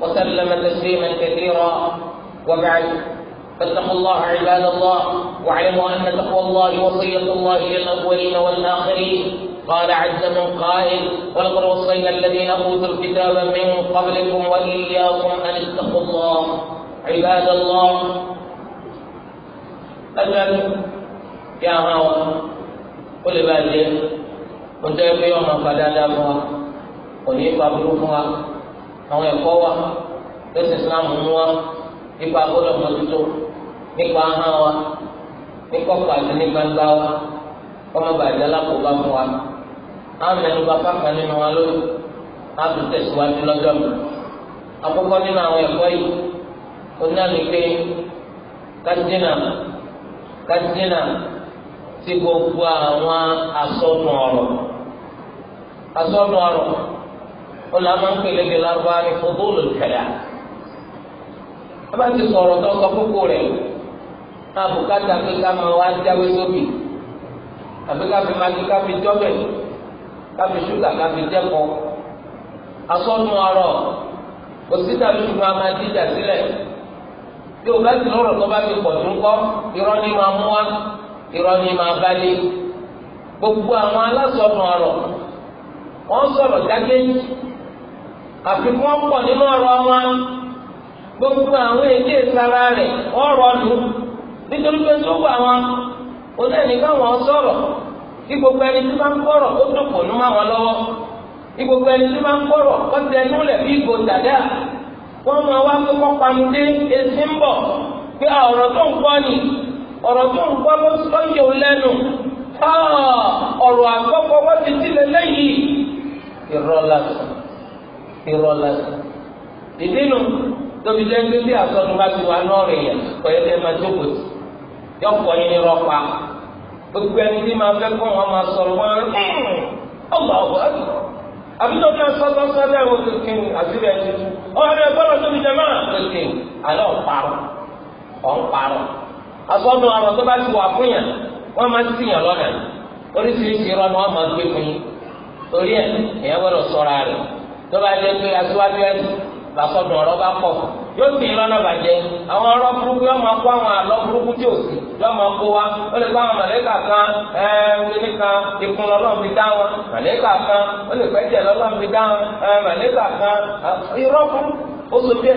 وسلم تسليما كثيرا وبعد فاتقوا الله عباد الله واعلموا أن تقوى الله وصية الله للأولين والآخرين قال عز من قائل ولقد وصينا الذين أوتوا الكتاب من قبلكم وإياكم أن اتقوا الله عباد الله أجل يا هوى قل بالي كنت يبقي يوم فدادا فوا وني فابلو فوا àwọn ẹ̀kọ́ wa lẹ́sìn islam mú wa nípa agbọ́dọ̀ mọ́tútù nípa ní kọ́kọ́ àti ní gbangba wa kọ́mọ bàjẹ́ alákòóbá fún wa àwọn mẹ́nuba fáfà nínú wa lórí a tún tẹ̀síwájú lọ́jọ́ mi àkọ́kọ́ nínú àwọn ẹ̀kọ́ yìí ó náà ní pé kájínà kájínà ti gbogbo àwọn asọ́nù ọ̀rọ̀ asọ́nù ọ̀rọ̀ ó là máa ń pèlége lárúbáwá ní fúdúlù tó sọ kókó rẹ̀ abùkátà pé ká máa wá jáwé sóbì àbí ká fi magi ká fi jọ́bẹ̀ ká fi ṣúgà ká fi jẹ́kọ̀ asọ́nu ọ̀rọ̀ òsítà ló fi máa sílẹ̀ bí o bá ti lọ́rọ̀ tó bá fi pọ̀ tó ń kọ́ irọ́ ni máa mú wa irọ́ ni máa bá lé gbogbo àwọn alásọ̀nù ọ̀rọ̀ wọ́n sọ̀rọ̀ àfikún ọ̀pọ̀ nínú ọ̀rọ̀ wọn gbogbo àwọn èdè rẹ̀ wọ́n rọ̀ nítorí pé tó wà wọn onáìní káwọn sọ̀rọ̀ kí gbogbo ẹni tó bá ń gbọ́rọ̀ ó dòpò nú má wọn lọ́wọ́ kí gbogbo ẹni tó bá ń gbọ́rọ̀ ó tẹ inú lẹ̀ bí ìgò dàda wọ́n máa wá pé kọ́ panudé èsì ń bọ̀ pé ọ̀rọ̀ tó ń gbọ́ ni ọ̀rọ̀ tó ń gbọ́ ló ń yọ lẹ́nu ọ̀rọ̀ àkọ́kọ́ wọ́n ti ti lé lẹ́yìn ìrọ̀lá ìrọ̀lá ìdínú tóbi jẹ́ gbé bí àtọ́nu bá ti wà náà yẹn kọ́ máa jókòó sí yọkọ yín ní rọpa gbogbo ẹni tí máa fẹ́ kọ́ wọn máa sọ̀rọ̀ wọn ọgbà ọgbà àbí tó máa sọ sọ́sọ́ dẹ́ wo kékeré àṣírí ẹni ọ̀rẹ́ ẹgbọ́dọ̀ tóbi jẹ máa kékeré àlọ́ ọ̀parọ̀ ọ̀parọ̀ asọ́nu ọ̀rọ̀ tó bá ti wà fún yàn wọ́n máa ti yàn lọ́nà oríṣiríṣi irọ́ ni wọ́n máa gbé fún yín torí ẹ̀ ẹ̀yẹ́ gbọ́dọ̀ sọ̀rọ̀ rẹ̀ tó bá jẹ́ pé aṣíwájú ẹ̀ làsọ̀dọ̀ ọ̀rọ̀ bá pọ̀ yóò ti irọ́ náà bàjẹ́ àwọn ọ̀rọ̀ burúkú yóò máa kó àwọn àlọ́ burúkú tí ò sí lọ́mọ kó wa ó lè kó àwọn màlẹ́kà kan ẹ̀ẹ́dẹ́gbẹ́ kan ikun lọ́lọ́run fi dá wọn màlẹ́kà kan ó lè pẹ́jẹ lọ́lọ́run fi dá wọn màlẹ́kà kan irọ́ fún olùdíẹ̀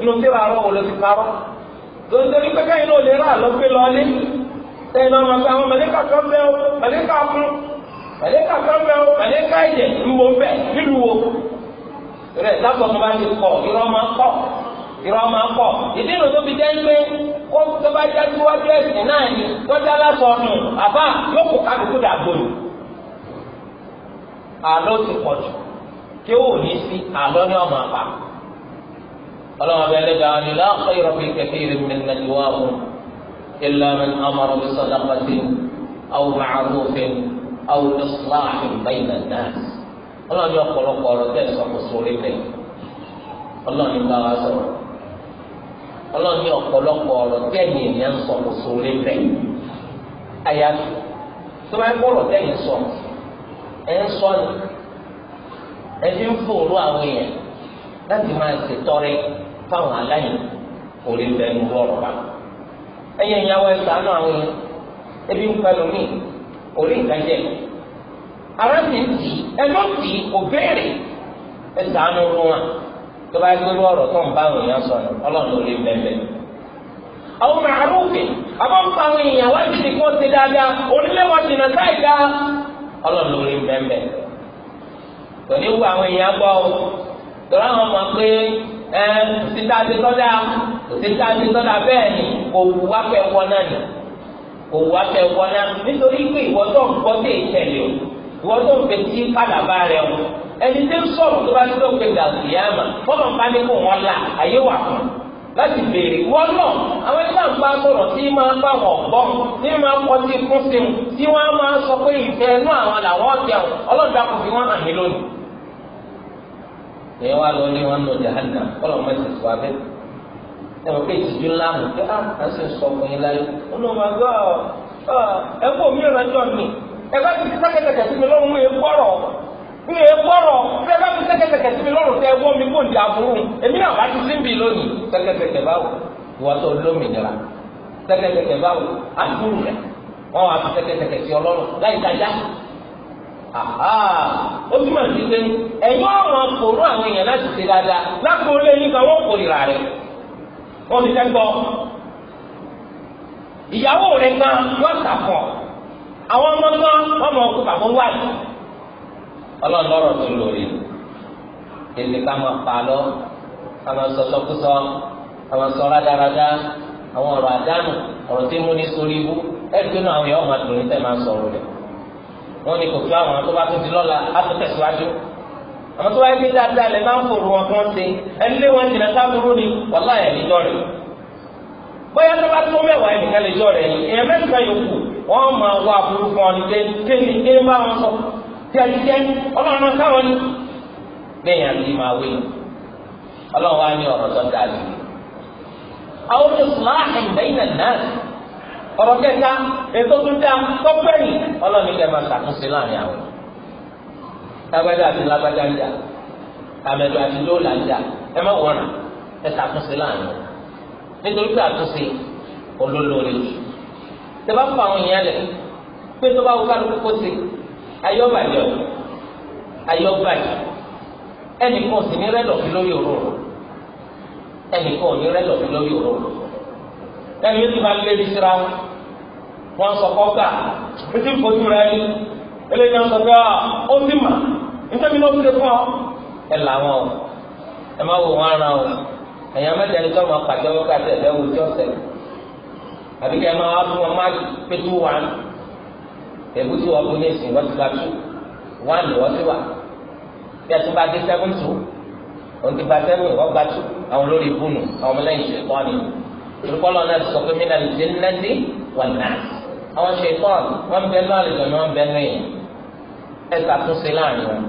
inú tí wàá rọ olùdí parọ́ lóńtórí pé káyìn náà lè rà lọ́gbé lọ́lé ẹ̀yin náà máa fi àwọn màlẹ́kà kan bẹ́ẹ̀ o màlẹ́kà fún màlẹ́kà kan bẹ́ẹ̀ o màlẹ́kà ẹ̀jẹ̀ ń wo bẹ́ẹ̀ nílùú wo rẹ̀ lápò ìrọ̀ máa ń pọ̀ ìdí ìrò tó fi jẹ́ pé kó tó bá já síwájú ẹ̀sìn náà ni wọ́n já lásán nù àbá yóò kó kálukú dàgbò nù. àlọ́ ti pọ̀ jù kí ó ní sí àlọ́ ní ọmọ àpá. ọlọ́run ọbẹ̀ ẹlẹ́dàá ni láàpọ̀ ìrọ̀bì kẹfẹ́ ìrìn mi nà ìwà ọ̀hún ìlànà àmọ̀rọ̀ mi sọ̀dọ̀ pàṣẹ àwọn màálùfẹ́ àwọn ìsìláàfin bẹ́ẹ̀ nà náà. ọ̀pọ̀lọpọ̀ ọ̀rọ̀ tẹ̀ sọ̀kọ̀ sórí tẹ̀ ọlọ́run bá wa sọ̀rọ̀ ọlọ́run ní ọ̀pọ̀lọpọ̀ ọ̀rọ̀ tẹ́yìn èèyàn sọ kò sóore bẹ̀. àyàfi tó bá ń gbọ́rọ̀ tẹ́yìn sọ ẹ̀ ń sọ ni ẹ fi ń fòrò àwọn èèyàn láti máa ṣètọrẹ fáwọn aláìní kò lè bẹ̀ ń gbọ́rọ̀ bá. ẹyẹ ìyàwó ẹ ṣàánú àwọn èèyàn ebi ń pẹ́ lómi kò rí nǹkan jẹ. tó bá gbé lọ́rọ̀ tó ń bá àwọn èèyàn sọ̀rọ̀ ọlọ́run ló lè mẹ́mẹ́. àwọn màrúkì àwọn ń pa àwọn èèyàn wá ìdí kí wọ́n ti dáadáa onílé wọn jìnnà sáìdá ọlọ́run ló lè mẹ́mẹ́. kò wú àwọn èèyàn gbọ́ tọ́lá wọn mọ̀ pé ẹ ti wọ́n tó ń pè tí padà bá rẹ̀ o ẹni m ń sọ̀rọ̀ tó bá ti tó ń pè gàlùyàmà fọ́nà bá ní kó la àyè wà fún láti béèrè wọ́n náà àwọn ẹgbẹ́ àgbà sọ̀rọ̀ tí máa bá wọn gbọ́ tí máa kọ́ sí sí tí wọ́n máa sọ pé ìfẹ́ inú àwọn làwọn ní wọn lọ ẹgbẹ́ ti sẹ́kẹ̀tẹ̀kẹ̀ sí mi lọ́rùn mi gbọ́rọ̀ mi gbọ́rọ̀ fẹ́ bá ti sẹ́kẹ̀tẹ̀kẹ̀ sí mi lọ́rùn tẹ wọ́ mi kó di aburú èmi náà wá ti síbi lónìí sẹ́kẹ̀tẹ̀kẹ̀ báwo wọ́n tó lómìnira sẹ́kẹ̀tẹ̀kẹ̀ báwo àdúrú rẹ̀ wọ́n wá ti sẹ́kẹ̀tẹ̀kẹ̀ sí ọlọ́run láì dájá ó túmọ̀ sí pé ẹ̀yọ́ àwọn kòró àwọn èèyàn láti ṣe dáadáa lápò lé yín kan wọ́n kórìíra rẹ̀ wọ́n ti fẹ́ gbọ́ ìyàwó rẹ̀ gan wọ́n sàkọ̀ àwọn ọmọ kan wọn mọ ọkọ bàbá wà ní. ọlọ́run lọ́rọ̀ tó lórí èmi ká máa pa lọ ká máa sọ sọkúsọ ká máa sọ rádaràdá àwọn ọ̀rọ̀ àdánù ọ̀rọ̀ tí mo ní sórí ibú ẹ̀ẹ́dẹ́gbẹ́ náà àwọn èèyàn máa dùn ní tẹ̀ máa sọ̀rọ̀ rẹ̀ wọ́n ní kò tó àwọn tó bá tó di lọ́la á tó tẹ̀síwájú àwọn tó bá yẹ kí dáadáa lè máa ń fòrò wọn kán ṣe ẹni lé wọn jìnnà sábúrú ni wàláyà níjọ́ rẹ̀ bóyá tó bá tó mẹ́wàá ẹnìkan lè jọ rẹ̀ èèyàn mẹ́ta yòókù wọ́n máa wá burú fún ọ ní pé kéènì ké bá wọn sọ bí adìjẹ ọlọ́run náà káwọn ní. bẹ́ẹ̀yàn ti máa wí ọlọ́run wá ní ọ̀rọ̀ tó dáa ní. àwọn ìsúláàhìn bẹ́yìn náà ọ̀rọ̀ kẹta ètò tó dá tọ́pẹ́yìn ọlọ́run kẹ́ máa ṣàtúnṣe láàrin àwọn. lágbájá àti lágbájá ń jà àmẹ́dọ̀ àti lóòlà ń jà ẹ má wọ̀nà ẹ ṣàtúnṣe láàrin wọn nítorí pé àtúnṣe olólórí tẹ́bá fún àwọn èèyàn lẹ̀ pé tó bá wú kálukú kó ṣe ayọ́bàjọ́ ayọ́bàjọ́ ẹnìkan sì ní rẹ́lọ̀fin lórí o ẹnìkan ò ní rẹ́lọ̀fin lórí òróró ẹnì yóò ti máa lé ìṣura wọn sọ kọ́kà etí ìfojú rẹ ni eléyìí náà sọ pé ah, ó ti mà nítorí náà ó ti lè fún ọ ẹ làwọn ẹ má wò wọn ara wọn ẹ̀yin amẹ́ta ni kọ́ máa pàjọ́ wọ́n kàtẹ́ ẹ̀fẹ́wò tí ọ̀sẹ̀ àbí kẹ́ máa wá fún wọn má pétú wọn ẹ̀bú tí wọ́n fún yẹn sìn wọ́n ti gba tú wọn ni wọ́n ti wà bí ẹ̀sùn bá dé sẹ́fún tù òun ti gba sẹ́fún wọ́n gba tú àwọn olórí ìbùnú àwọn ọmọlẹ́yìn ṣe kọ́ ni olùkọ́lọ́ náà sọ pé mílíọ̀nù ti ń nẹ́ni wọn náà àwọn ṣe kọ́ wọn bẹ náà lè dọ̀nà bẹ náà yẹn ṣàtúnṣe láàrin wọn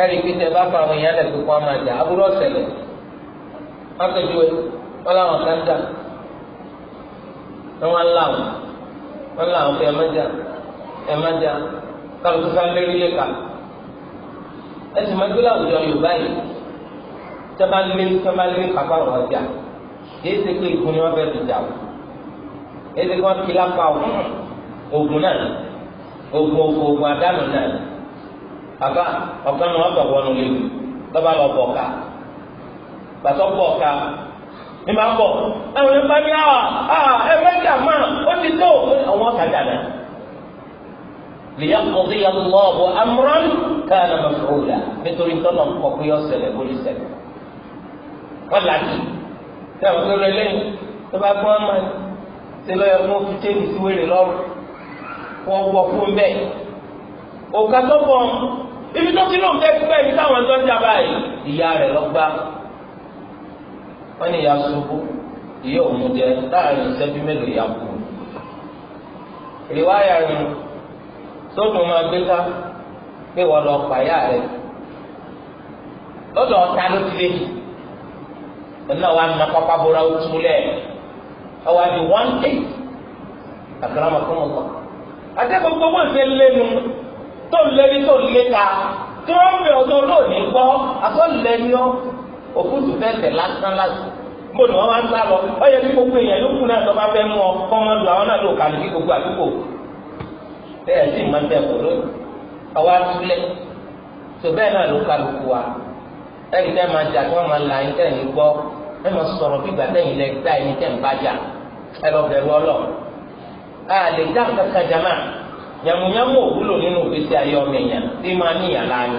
ẹ̀rí pété bá fún àwọn èèyàn lẹ́kọ̀ọ́ lápẹjúwe wọn làwọn kan dà wọn wá láwọn wọn làwọn fẹ ẹmẹjà ẹmẹjà kálukú sáńdérí lè kà ẹsìn máa gbé láwùjọ Yorùbá yìí tẹ́lá lé tẹ́lá lé kápá wọn jà kìí ṣe pé ìkùn ni wọn fẹ́ fi jà o kìí ṣe pé wọn fi lápá o oògùn náà oògùn oògùn oògùn àdánù náà bàbá ọ̀kan ni wọn bọ̀ wọnú lé lọ́ba lọ bọ̀ ká gbàtọ́ pọ̀ ká ní máa pọ̀ àwọn ẹ̀fọ́ ní àwà ẹ̀fọ́ ìjà máa ó ti tó àwọn ọ̀tàjà náà lèyàkọ̀dé ọlọ́ọ̀bù amúrán káàdà mọ̀fúrúdà nítorí tọ́lọ̀ ń kọ́ pé ọ̀sẹ̀lẹ̀ bólú sẹ̀lẹ̀ wọ́n làjì tí àwọn tó rẹ lẹ́yìn tó bá gbọ́n máa ń ṣe lọ́yọ̀ fún òfin tẹ́lẹ̀ sí wẹ́rẹ̀ lọ́rùn wọ́n wọ̀ fún bẹ́ẹ̀ òkà tó pọ̀ ibi tó ti lóun fẹ́ gbẹ́ ibi táwọn tó ń jà báyìí ìyá rẹ̀ lọ́gbà wọ́n ní ìyá ṣubú ìyá òun jẹ láàrin ìṣẹ́jú mélòó ìyá kù. ìrìwáyà ni sódùn máa gbé ká pé wọ́n lọ pàyà rẹ̀ lọ́dọ̀ ọ̀tá ló ti dé ọ̀nà wa nà pápá bọ́ra ó túlẹ̀ ọwọ́ àti one day àkàràmà kọ́ mọ̀ kọ́ àtẹ́kọ̀ọ́ gbogbo ìfẹ́ lẹ́nu tó lẹ́ni tó lé ta tí wọ́n ń bẹ̀ ọ̀dọ́ lónìí gbọ́ àtọ́ lẹ́ni ọ́ òkútù fẹsẹ̀ lásán lásán bó ni wọ́n máa ń sá lọ ọ yẹ kí gbogbo èèyàn yókù náà tó bá fẹ́ mú ọ kọ́ wọn lu àwọn náà lò kàlù kí gbogbo àdúgbò bẹ́ẹ̀ sì máa ń bẹ̀ kó lónìí ọwọ́ àtúlẹ̀ tó bẹ́ẹ̀ náà ló kálukú wa ẹ̀rí tẹ́ máa jà kí wọ́n máa la ẹni tẹ́yìn gbọ́ ẹ máa sọ̀rọ̀ bí gbà tẹ́yìn lẹ gbá ẹni tẹ́yìn bá jà ẹ lọ bẹ̀rù ọlọ́ a lè dá nǹkan jama yàmùyàmù òwúlò nínú gbèsè ayé ọmọ èèyàn tí máa níyàn láàyè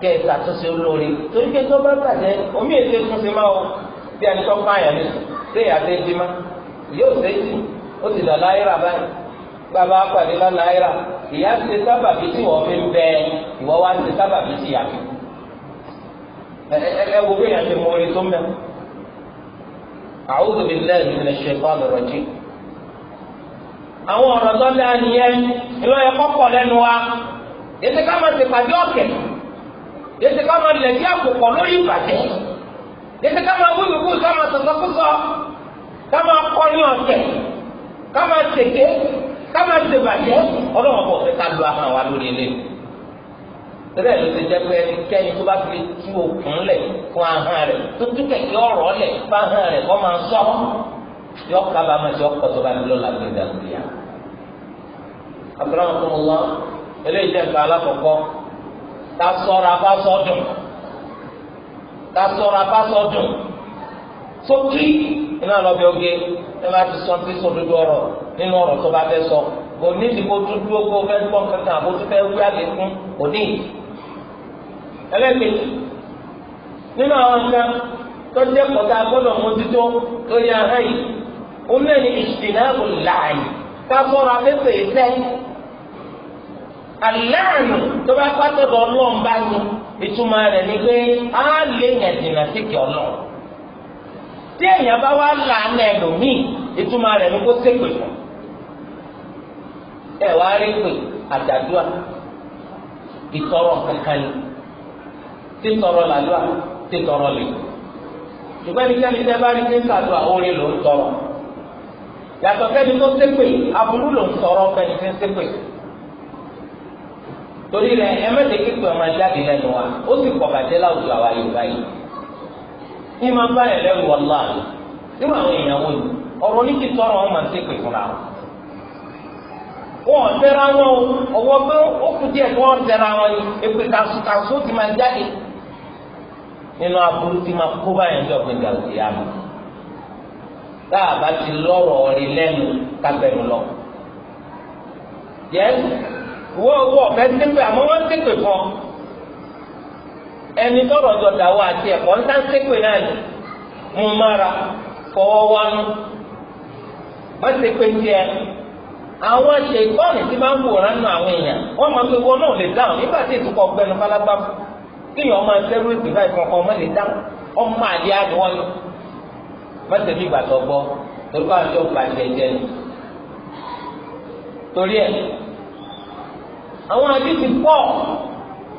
kẹ ẹ ṣàtúnṣe olórí torí pé tó bá bàjẹ́ omi ètò ìtúnṣe máa wọ bí a ní tó fún àyàn nìkan ṣé ìyàtọ̀ ẹtì má yóò ṣèjì ó ti lọ náírà báyìí bàbá pàdé lọ náírà ìyá ṣe sábàbí tí wọ́n fi ń bẹ ìwọ́ wá ṣe tí ẹ wo bí èèyàn ṣe mọ orin tó àwọn ọ̀rọ̀ tó nìyẹn lẹ́nu wa ètò ká yẹsẹ ká máa lẹbi àpòpọ lórí ìbàjẹ́ yẹsẹ ká máa wíwíwú ká máa sọsọkúsọ ká máa kọ ní ọ̀tẹ̀ ká máa fẹ ká lu wa lórí ilé tẹ́lẹ̀ ló ti jẹ́ pé tó bá fi tú okùn lẹ̀ fún aha rẹ̀ tó fún máa sọ yọ kaba ma ti ya ká sọra bá sọdùn ká sọra bá sọdùn sókí iná lọ́bẹ̀ oge ẹ má ti sọ pé sọdodo nínú ọ̀rọ̀ tó bá fẹ́ sọ kò ní ìdìbò dúdú ó kó fẹ́ gbọ́n kankan àbó tó fẹ́ wí àlékún kò ní ìdí. ẹlẹ́gbẹ̀ẹ́ nínú àwọn nǹkan tó jẹ́ kọ̀tà gbọ́dọ̀ mójútó lórí ahọ́n ó lé ní ìṣìnà ọ̀làyìn ká sọ̀rọ̀ afẹ́fẹ́ ìfẹ́ aláàánú tó bá pátọ́dọ̀ ọlọ́run bá ní ìtumọ̀ rẹ̀ ni pé á lè yàn dènà síkì ọlọ́run tí èèyàn bá wá làánà ẹlòmíì ìtumọ̀ rẹ̀ ni kó ṣépè fún ẹ wá rí pé àdàdúà ìtọrọ kankan ni títọrọ làdúà títọrọ lè ṣùgbọ́n ní kẹ́ni tẹ́ bá rí pé sàdúà orin ló ń tọrọ yàtọ̀ kẹ́ni tó ṣépè aburú ló ń tọrọ kẹ́ni tó ṣépè. torí rẹ ẹ má tẹ́kí pé ọmọ jáde lẹ́nu wa ó sì pọ̀ bàjẹ́ láwùjọ àwa yorùbá yìí ní máa bá yẹn lẹ́rù wọlé àná nínú àwọn ọ̀rọ̀ tọrọ wọn máa ń ṣépè wọn wọn o ọwọ́ pé ó kù díẹ̀ tí wọ́n tẹra wọn ni èpè kàṣó ti máa jáde nínú aburú ti máa kó báyẹn yá mi tá a bá ti lọ́rọ̀ rí lẹ́nu kábẹ́nu wọ́n wọ́ ọ̀fẹ́ ṣépè àmọ́ wọ́n ṣépè fún ọ ẹni tọrọ dọdà wa àti ẹ̀kọ́ ń tán ṣépè náà ni mo mára fọwọ́ wánú wọ́n ṣépè tiẹ̀ àwọn tí máa ń àwọn èèyàn wọ́n máa ń náà lè dáhùn nígbà tí gbẹnu falágbá ọmọ lè dáhùn ọmọ àlẹ́ àdúwọ́n ni wọ́n ìgbà tó gbọ́ torí wọ́n àwọn àdìsí pọ̀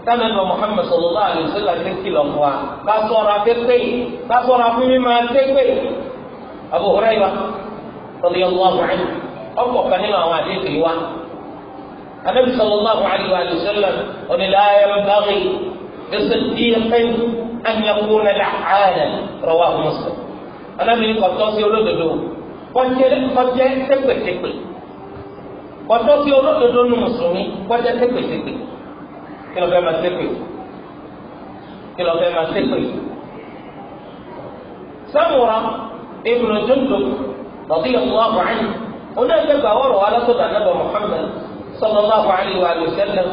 sanadu muhammed sallallahu alayhi wa sallam ti kìlọ̀ fún wa ká ṣọ́ra pépé ká ṣọ́ra fún mi máa pépé abu hurayra radiyallahu anhu ọkọ̀ kan nínú àwọn àdìsí wa anabi sallallahu alayhi wa sallam onílàyé bàgì bisiddiqin an yakuna la'ana rawahu muslim anabi kọtọ sí olódodo kọjẹ kọjẹ tẹpẹtẹpẹ kọtọ sí olódodo nu mùsùlùmí kọjá sépèsépè kí ló fẹ́ máa sépè kí ló fẹ́ máa sépè. Samura ibn Jundub radiyallahu anhu onáfẹ́gbà wọ́rọ̀ wa lọ́sọ̀dọ̀ anábọ̀ Muhammad sallallahu alayhi wa sallam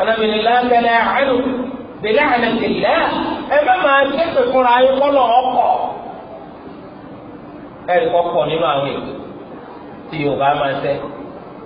anábìnrin lákàlẹ̀ àánú bẹ̀rẹ̀ ànàkìlẹ̀ ẹ bẹ́ máa sépè fúnra yín kọ́lọ̀ ọkọ̀ ẹ̀rí kọ́kọ̀ nínú àwọn èèyàn tí Yorùbá máa sẹ́kù.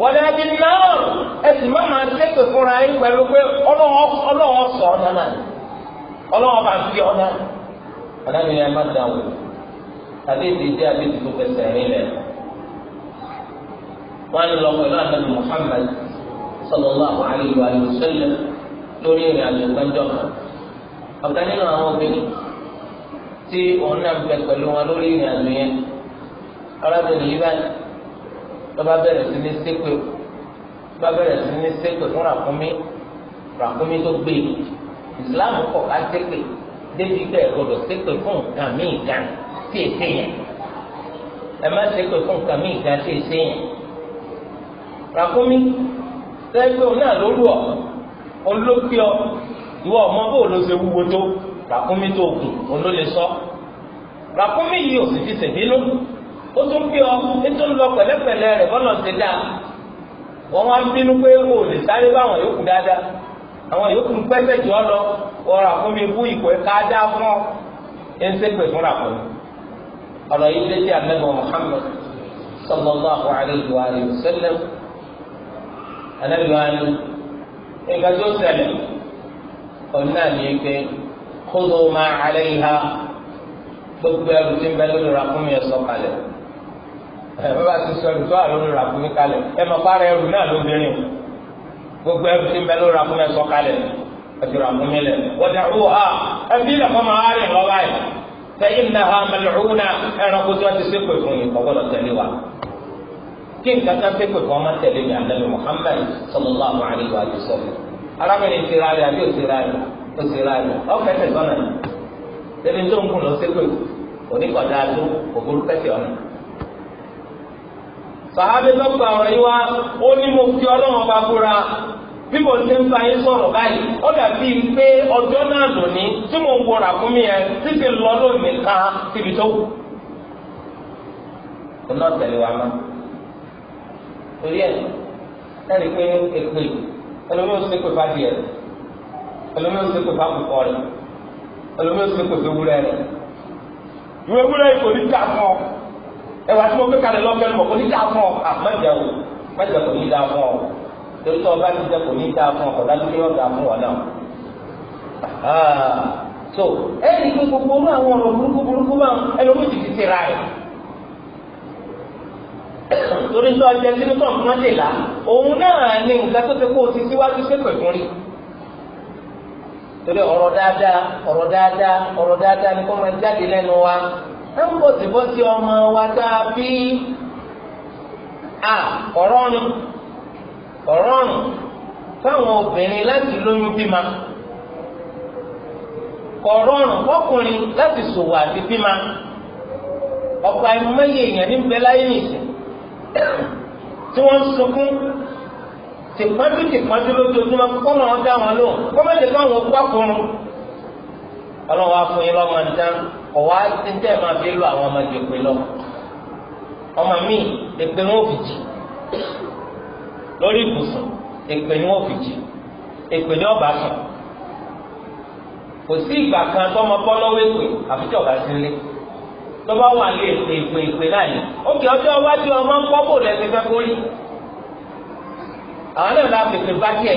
wọlé ẹbí náà ẹsì má máa tẹ́pẹ̀ fúnra yín pẹ̀lú pé ọlọ́wọ́ sọ ọ́ nánà ọlọ́wọ́ bá fi ọ́ nánà ọ̀nàmì ni ẹ má dà wò tàbí ìdíje àbí ìdìbò fẹsẹ̀ rìn lẹ̀ wọ́n á lọ pẹ̀lú àbẹ̀lẹ̀ Muhammad sallallahu alaihi wa sallam lórí ìrìn àjò gbẹ́jọ́ ọ̀gá nínú àwọn obìnrin tí òun náà bẹ pẹ̀lú wọn lórí ìrìn àjò yẹn arábìnrin yìí báyìí tọ́ba bẹ̀rẹ̀ sí ní ṣépè tọ́ba bẹ̀rẹ̀ sí ní ṣépè fún ràkúnmí ràkúnmí tó gbé e. Islam kọ̀ ká ṣépè débi bẹ́ẹ̀ gbọdọ̀ ṣépè fún nǹkan míì gan tí èsè yẹn ẹ má ṣépè fún nǹkan míì gan tí èsè yẹn ràkúnmí sẹ́gbẹ́ òun náà ló lù ọ́ òun ló pé ọ ìwọ ọmọ bó ló ṣe wúwo tó ràkúnmí tó gùn òun ló lè sọ ràkúnmí yìí ò sì fi ṣèbínú. ó tún ọ nítorí lọ pẹ̀lẹ́pẹ̀lẹ́ rẹ̀ bọ́lọ̀ ṣe dáa wọ́n wá bínú pé o lè sáré báwọn yòókù dáadáa àwọn yòókù ń pẹ́sẹ̀ jù ọ lọ ọ̀rọ̀ àfúnmi bú ìkó ẹ̀ dá fún ọ ẹ̀ ń sẹ́pẹ̀ fúnra fún mi yìí lé sí àmẹ́gbọ̀n Muhammad sallallahu alayhi wa sallam anabiwaani nǹkan tó ṣẹlẹ̀ ọ̀nà ni pé máa yìí ha gbogbo ẹrù tí ń bẹ ẹ bá ti sọ ẹrù tó àlọ́ lóra fún mi kalẹ̀ ẹ mọ̀ fara ẹrù náà lóbìnrin gbogbo ẹrù tí ń bẹ lóra fún mi sọ kalẹ̀ ẹ ti rà fún mi wọ́dà ó ha ẹ ilẹ̀ kọ́ máa rìn lọ́wọ́ yìí fẹ́yìn náà ha mẹlẹ́rù náà ẹranko tí wọ́n ti sépè fún mi kọ́ gbọ́dọ̀ tẹ̀lé wa kí nǹkan kan sépè fún ọmọ tẹ̀lé mi àlẹ́ mi Muhammad sallallahu alayhi wa sàhábẹ́ lọ́gbà ọ̀rọ̀ yìí wá ó ní mo fi ọlọ́run bá búra bí mo ti ń bá yín sọ̀rọ̀ báyìí ó dàbí pé ọjọ́ náà lónìí tí mo ń wọra fún mi yẹn tí ti lọ lónìí kan síbi tó wù. iná tẹ̀lé wa mọ́ torí ẹ̀ ẹ̀rí pé èpè ẹlòmíì ó sì pè bá diẹ ẹlòmíì ó sì pè bá kùkọ rẹ ẹlòmíì ó sì pè fún ewúrẹ́ rẹ ìwé ewúrẹ́ yìí kò ní dà fún ọ ẹwà tí mo gbé kalẹ̀ lọ́gbẹ́ lọ́mọ kò ní dáa fún ọ àmọ́jà ah, o mọ́jà kò ní dáa fún ọ torí tó ọba ti jẹ kò ní dáa fún ọ kò dájú pé yóò dáa fún ọ náà. Ah, so ẹnì kí gbogbo inú àwọn ọ̀rọ̀ burúkú burúkú máa ẹlòmíì ti ti ra ẹ̀ [COUGHS] torí tó ọjà sínú tó ọ̀kan lè la òun náà ní nǹkan tó ti kó o ti síwájú sépè fún rí torí ọ̀rọ̀ dáadáa ọ̀rọ̀ dáadáa ọ̀rọ̀ dáadáa ni kó ó ń bòsibòsi ọmọ wa tá a bí a ọ̀rọ̀rùn ọ̀rọ̀rùn fáwọn obìnrin láti lóyún bímọ ọ̀rọ̀rùn fọkùnrin láti ṣòwò àti bímọ ọ̀pọ̀ àìmọye èèyàn ní bẹ láyé tí wọ́n ń sunkún tìpọ́njú tìpọ́njú lójoojúmọ́ wọn dá wọn ọwọ àti tẹ máa fi lu àwọn ọmọdé pé lọ ọmọ mi èpè wọn fi jì lórí ibùsùn èpè wọn fi jì ni ọba sùn kò sí ìgbà kan tọmọ bọ́ lọ́wọ́ èpè àfi tí ọba sí lé tọba wà lé náà ni ọmọ ń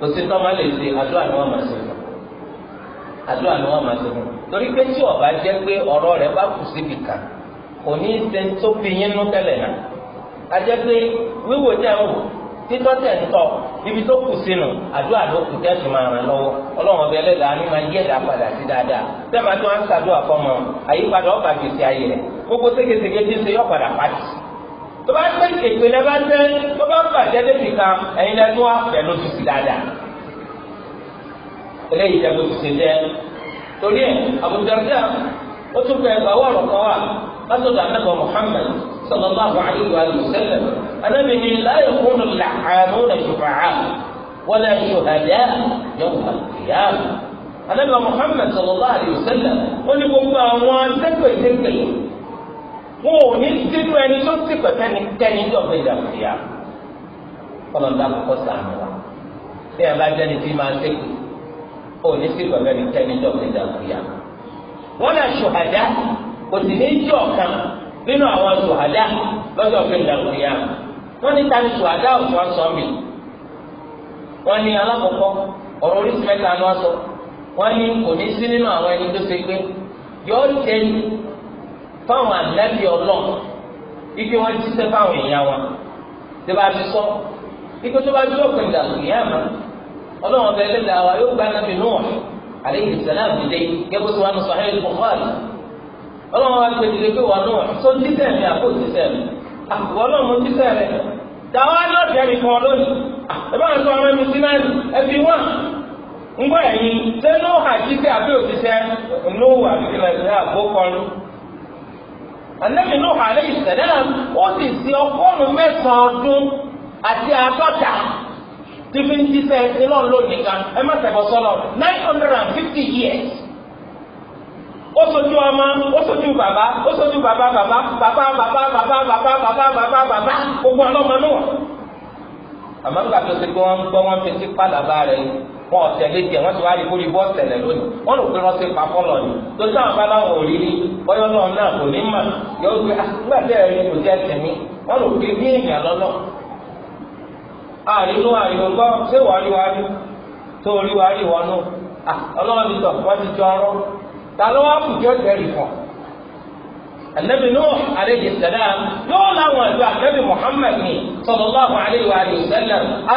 tòsí sí máa lè ṣe àdúrà ni wọ́n máa ṣe fún àdúrà ni máa ṣe fún torí pé ọba jẹ́ pé ọ̀rọ̀ rẹ̀ bá kù síbi kan kò ní í ṣe tó fi yín nú náà a jẹ́ pé wíwò ń wò tọ́ ibi tó kù sínú àdúrà ló kù tẹ́ fi máa ràn lọ́wọ́ ọlọ́run ọbẹ̀ ẹlẹ́dàá ni máa padà sí dáadáa máa tó ń ṣàdúrà àyípadà tó bá pé èpè lẹ́ bá tẹ́ tó bá bàjẹ́ débi kan ẹ̀yin lẹ́nu àfẹ́nu ti sì dáadáa eléyìí jẹ́ bó ti ṣe jẹ́ torí ẹ̀ Abu Darda ó tún bẹ ẹgbàá wọ̀rọ̀ kan wà látọ̀dọ̀ anábọ̀ Muhammad sallallahu alayhi wa sallam anábìyí láyé kúnnù làánú rẹ̀ ṣùfàá wọlé ṣùhàdá yóò wà kíá. anábìyí Muhammad sallallahu alayhi wa sallam ó ní gbogbo àwọn tẹ́gbẹ̀tẹ́gbẹ̀ wọn ò ní sínú ẹni tó sì pẹ̀pẹ́ ní ní ọ̀gbìn ìdàgbìyà kọ́nà ní àkọ́kọ́ sàmì wa bí ẹ bá jẹ́ni tí máa ṣèkù ò ní sí pẹ̀pẹ́ ní ní ọ̀gbìn ìdàgbìyà wọn náà ṣùhàdá kò sì ní jẹ́ ọ̀kan nínú àwọn ṣùhàdá lọ́jọ́ ọ̀gbìn ìdàgbìyà wọn ní ta ni wọn ní fáwọn ànábì ọlọ ike wọn jíṣẹ́ fáwọn èèyàn wọn tí bá sọ ike tó bá jó òpin ìdàgbò yẹn àmọ́ ọlọ́wọ́n bẹ lẹ́lẹ́ àwa yóò gba ànábì Nuh alayhi salam dìde gẹ́gẹ́ tó wà ní Sahih Bukhari ọlọ́wọ́n wa pè dìde pé wà Nuh tó jíṣẹ́ mi àbó jíṣẹ́ mi àbúrò ah, ọlọ́wọ́n jíṣẹ́ rẹ̀ dáwọ́ alọ́ọ̀dẹ́ mi lónìí ah, sọ ọmọ mi Ànábì Nuhu alayhi salam ó sì sí ọgọ́rùn-ún mẹ́sàn-án ọdún àti àádọ́ta tí fi ń jíṣẹ́ iná lónìí kan ẹ má ṣẹ̀bọ̀ sọ́nà nine hundred and fifty years. Ó sojú ọmọ, ó sojú bàbá, ó sojú bàbá bàbá, bàbá bàbá bàbá bàbá bàbá bàbá bàbá gbogbo ọlọ́mọ náà. Àmọ́ nígbà tó ti gbọ́ wọn gbọ́ wọn fi sí pàlàbà rẹ̀ yìí wọn ọ̀tẹ̀lé tiẹ̀ wọ́n ti wá ikú rí bọ́ọ̀sẹ̀ lẹ̀ lónìí wọ́n lò pé wọ́n ti pa fọ́lọ̀ ni tó sáwọn bá láwọn òrírí bọ́yọ́ náà náà kò ní mà yọ wípé ah, nígbà tẹ́ ẹ̀rí kò tẹ́ ẹ̀sìn mi wọ́n lò pé bí èèyàn lọ́nà. àrínú àrínú gbọ́ ṣé wàá rí wàá rí tó rí wàá rí wọnú ah, ọlọ́run ti tọ̀ wọ́n ti jọ ọrọ́ ta ló wá kù kí ó tẹ̀rì fọ́ النبي نوح عليه السلام يقول له النبي محمد صلى الله عليه وآله وسلم أأ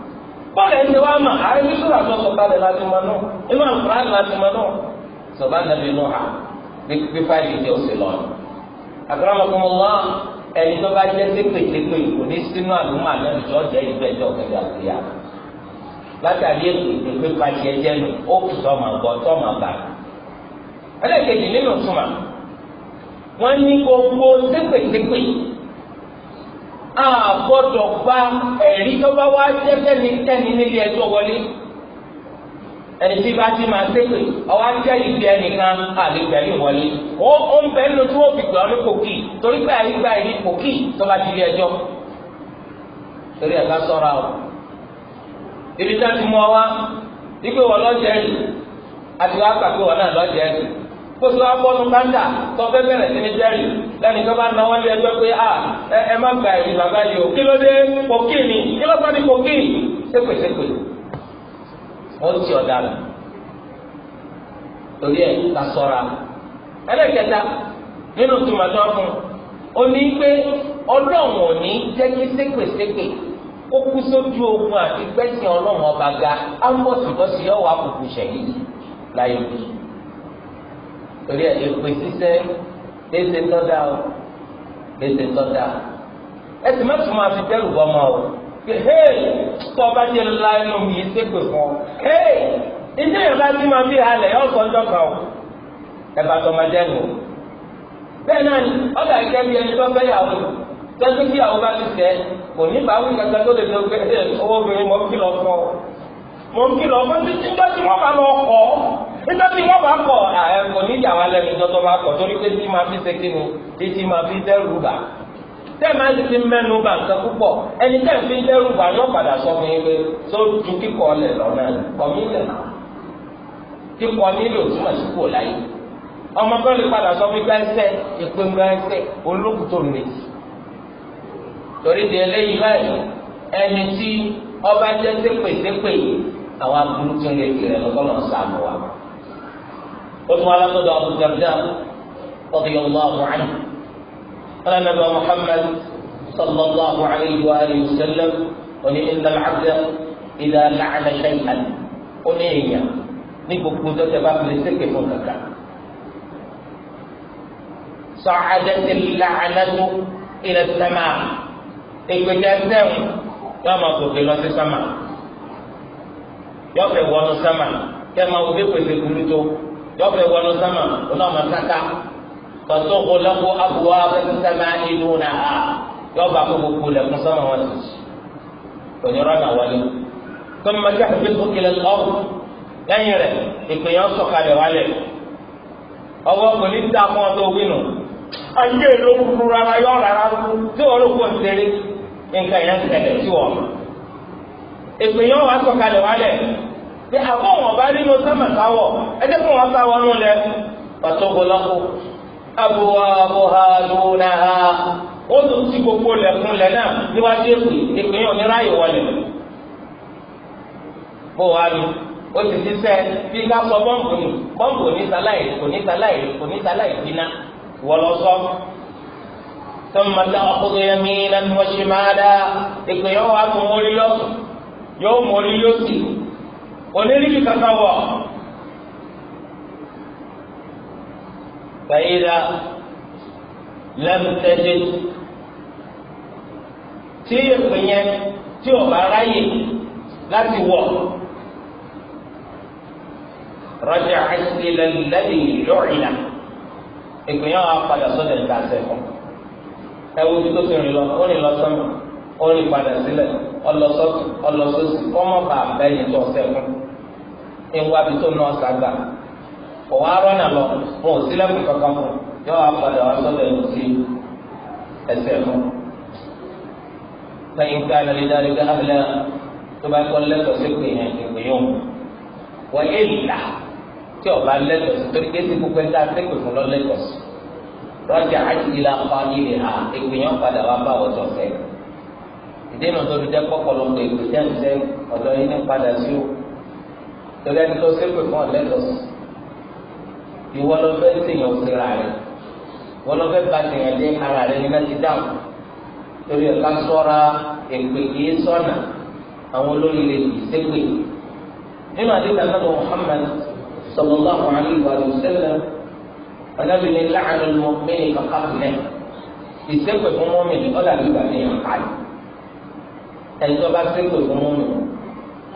bọ́ọ̀lù ẹni wa ma ààrẹ bí sọ̀rọ̀ àtọ́ sọ̀kalẹ̀ láti mọ náà inú àkùrán láti mọ náà sọ̀bá nàbí inú ha bí fáìlì jẹ́ òsè lọ́nà. àkùrán mọ̀ fún wọn ẹni tó bá jẹ́ sépètépè kò ní sínú àdúmọ̀ àná ìjọ́jẹ́ ìgbẹ́jọ́ kẹjọ àti yàrá látàrí ètò pípa tiẹ̀ jẹ́ nù ó kù gbọ́ bà. ẹlẹ́kẹ̀jì nínú wọ́n ní a gbọ́dọ̀ eri tó bá wá jẹ́jẹ́ ní tẹ́ni nílé ẹjọ́ wọlé ẹni tí bá ti máa ṣépè ọwọ́ ajá ìgbé ẹnìkan àlẹ́gbẹ̀rin wọlé ó ń bẹ́ẹ̀ lójú òbí gbà ọ́ ní kòkì torí pé àyígbà ẹ̀rí kòkì tó bá ti lé torí o ibi tá a ti mú ọ wá wípé wọ́n àti pé bóso wa bọ́nu káńdà tó fẹ́ bẹ̀rẹ̀ sí ní jẹ́rìí lẹ́nu tó bá na wọ́n lé ẹjọ́ pé a ẹ má gba ẹ̀rí bàbá yìí o kí ló dé pòkín ni kí ló gbọ́dọ̀ pòkín ṣépèṣépè ó ti ọ̀dà rẹ̀ torí ẹ̀ ta sọ́ra ẹlẹ́kẹta nínú tòmátò fún ó ní pé ọlọ́run ò ní jẹ́ kí ṣépèṣépè ó kú sójú ogun àti gbẹ́sìn ọlọ́run ọba ga á ń bọ̀ síbọ̀ sí ọ̀wà kùkù ṣẹ̀yìn láyé bíi torí ẹ̀ èpè sísẹ́ kéésè tọ́da o kéésè tọ́da ẹ sì má tún máa fi dẹ́rù bọ́ ma o hei tó ọba jẹ la ẹnu mi yìí ṣépè fún ọ hei ìdí èèyàn bá ti máa fi halẹ̀ yọ sọ́jọ́ kan o ẹ bá tọ́ ma jẹ́ nù bẹ́ẹ̀ náà ni ọ̀gá ìkẹ́ bí ẹni tó fẹ́ yàwó tẹ́tí bí àwọn bá ti tẹ̀ kò ní bá wí kankan tó lè fi ọgbẹ́ owó obìnrin mọ́ kí lọ fún ọ kí lọ títí ń bá bá lọ kọ́ nígbà tí wọ́n bá kọ̀ ẹ̀kọ́ níjà wa lẹ́nu tó tó bá kọ̀ torí pé tí máa fi ṣe kí ni títí máa fi dẹ́rù bà tẹ́ẹ̀mà ti mẹ́nu bà nǹkan púpọ̀ ẹni tẹ́ẹ̀ fi dẹ́rù bà náà padà sọ fún yín pé tó ju kíkọ́ lẹ̀ lọ́nà kọ́ mí lẹ̀ kíkọ́ nílò túmọ̀ sí kò láyé ọmọ kan lè padà sọ fún gbẹ́sẹ̀ ìpéǹgbà ẹsẹ̀ olókùn tó lè torí di eléyìí báyìí ẹni tí ọba jẹ́ sépèsépè àwọn aburú tó ń lè kiri ẹ̀ lọ́kọ́ lọ́ọ́ sàmù wa. وثم لقد أبو الدرداء رضي الله عنه قال أبا محمد صلى الله عليه وآله وسلم ولئن العبد إذا لعن شيئا أنيا كنت تتباب لسك فنكا صعدت اللعنة إلى السماء إبتدأ كما تقول في السماء يقف السماء كما وقفت في كل yọ̀bẹ̀ wọnú sámà ọlọ́mọ sáká tọ́tọ́ ọlọ́kọ́ abúwá sámà inú na ha yọ̀bà kó gbogbo lẹ́kún sámà wọn sì tọ̀nyọ́rọ́ náà wọlé tọ́mọ mẹ́ta fi fún kílẹ̀ lọ́wọ́ lẹ́yìn rẹ̀ ìpènyàn sọ̀kalẹ̀ wálẹ̀ ọwọ́ kò ní dá fún ọtọ ayé ló kúrú rárá yọ rárá tí wọn ló kó nǹkan yẹn ń tí wọn. ìpènyàn wà ní àbọ̀wọ̀n ọba nínú sẹ́mẹ̀ káwọ̀ ẹ jẹ́ fún wọn káwọ̀ nù lẹ pàtókòlọ́kù àbúwá àbúhá lónà ha ó tó ti gbogbo lẹ̀kùn lẹ̀ náà níwájú èkó ìpín oníráyè wọlé bó wàá lò ó ti ti sẹ́ bí ká sọ bọ́ǹbù nù bọ́ǹbù onísàláì onísàláì onísàláì dínà wọlọ́sọ́ tọ́mọ tí a kókó yẹn mí lẹ́nu wọ́n ṣe máa dá ìpín yóò wá fún mórí yóò mórí kò ní ríbi kankan wọ̀. fàyídà lẹ́mtẹ́dẹ́ tí èpè yẹn tí ò bá ráyè láti wọ̀ rọ́jà àìsílẹ̀ lẹ́yìn lọ́ọ̀ìnà èpè yẹn padà sọ́dọ̀ ìgbà sẹ́kọ̀ọ́ ẹ wo tó ti rìn lọ ó rìn lọ sọ́mọ́ orin padà sílẹ̀ ọlọ́sọ́tù ọlọ́sọ́sì kọ́mọ́ bá abẹ́yẹ tó sẹ́kùn ewu abi tó nọ sàgbà kò wá rọ́nà lọ wọn ò sílẹ̀kùn kankan fún yọ wá padà wá sọ́dọ̀ ẹ̀ sí ẹsẹ̀ fún. lẹ́yìn ká lórí dáríga abẹ́lẹ́ tó bá kọ́ lẹ́tọ̀ọ́ sí pé yẹn ìpè yóò wọ́n yé là tí ọba lẹ́tọ̀ọ́ sí torí pé tí rọ́jà àti pa ilẹ̀ ha ìpè padà wá bá wọ́tọ̀ sẹ́kùn ìdènà tó fi jẹ́ pọ́pọ́lọpọ̀ èkó jẹ́ ǹjẹ́ ọ̀dọ́ yín ní padà sí o torí ẹni tó ṣépè fún ọ̀lẹ́dọ̀sì ìwọ lọ fẹ́ tèèyàn síra rẹ̀ ìwọ lọ fẹ́ ba tèèyàn dé ara rẹ̀ nígbà tí dáhùn torí ẹ̀ka sọ́ra èpè kì í sọ́nà àwọn olórí lè kì í ṣépè nínú àdéhùn àtàwọn Muhammad sallallahu alayhi wa sallam anábìnrin láàánú mọ́mìnì kàkà fún ẹ̀ ìṣépè fún mọ́mìnì ọ̀dà nígbà tí yàn káyọ̀ ẹni tó bá ṣépè fún mọ́mù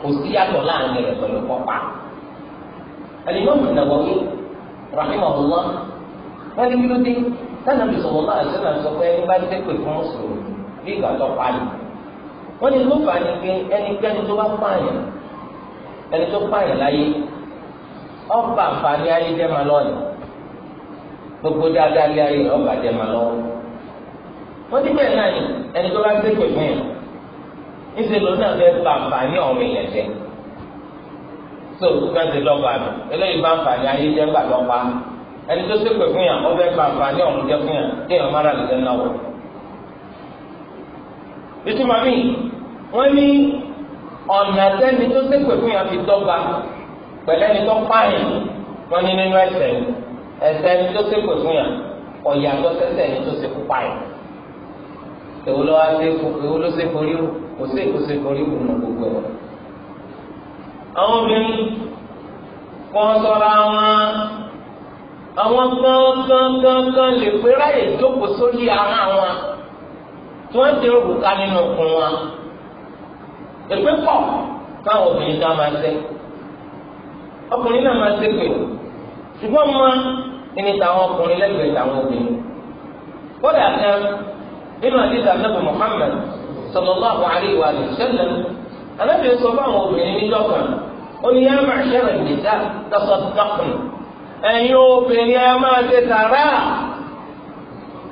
kò sí yàtọ̀ láàrin rẹ̀ pẹ̀lú pọ́pá. alimọ́mù Nawawi rahimahullah wọ́n ní kílódé sanabi sọ̀rọ̀ náà sọ̀rọ̀ sọ pé ẹni bá ṣépè fún mùsùlùmí bí ìgbà tó pààyè. wọ́n ní ló fà ní pé ẹnikẹ́ni tó bá pààyàn ẹni tó pààyàn láyé ọba àǹfààní ayé jẹ́ máa lọ́ọ̀nà gbogbo dáadáa lé ayé ọba jẹ́ máa lọ́wọ́. wọ́n ti bẹ́ẹ̀ náà ni ẹni tó bá ṣépè fún níṣẹ́ ló náà fẹ́ ba àǹfààní ọmọ èèyàn jẹ tó gbẹ́sẹ̀ lọ́ba mi eléyìí bá àǹfààní ayé jẹ́ gbà lọ́ba ẹni tó ṣépè fún yàn ọbẹ̀ ba àǹfààní ọ̀hún jẹ́ fún yàn kéèyàn má ràlẹ̀ jẹ́ náà wọ̀. ìtumọ̀ mi wọ́n ní ọ̀nà sẹ́ni tó ṣépè fún yàn fi dọ́gba pẹ̀lẹ́ni tó pààyàn wọ́n ní nínú ẹsẹ̀ ẹsẹ̀ ni tó ṣépè fún yàn ọ̀yàtọ̀ sẹ́sẹ̀ ni tó ṣépè pààyàn èwo ló wá ṣe èwo ló ṣe forí rò kò sí ìkòsí koríko nù gbogbo ẹ̀. àwọn obìnrin kan sọra wọn àwọn kankankankan lè pé ráyè jókòó sórí ara wọn tí wọ́n ti rògbò ká nínú okun wọn. èpè pọ̀ káwọn obìnrin ká máa ṣe ọkùnrin náà máa ṣe pé ṣùgbọ́n máa ẹni táwọn ọkùnrin lẹ́gbẹ̀ẹ́ táwọn obìnrin. kódà sallallahu alaihi wa sallam anábì sọ fáwọn obìnrin níjọ́ kan ó ní yá máa ṣẹlẹ̀ nìjà tasaddaqna ẹ̀yin obìnrin ẹ máa ṣe tààrà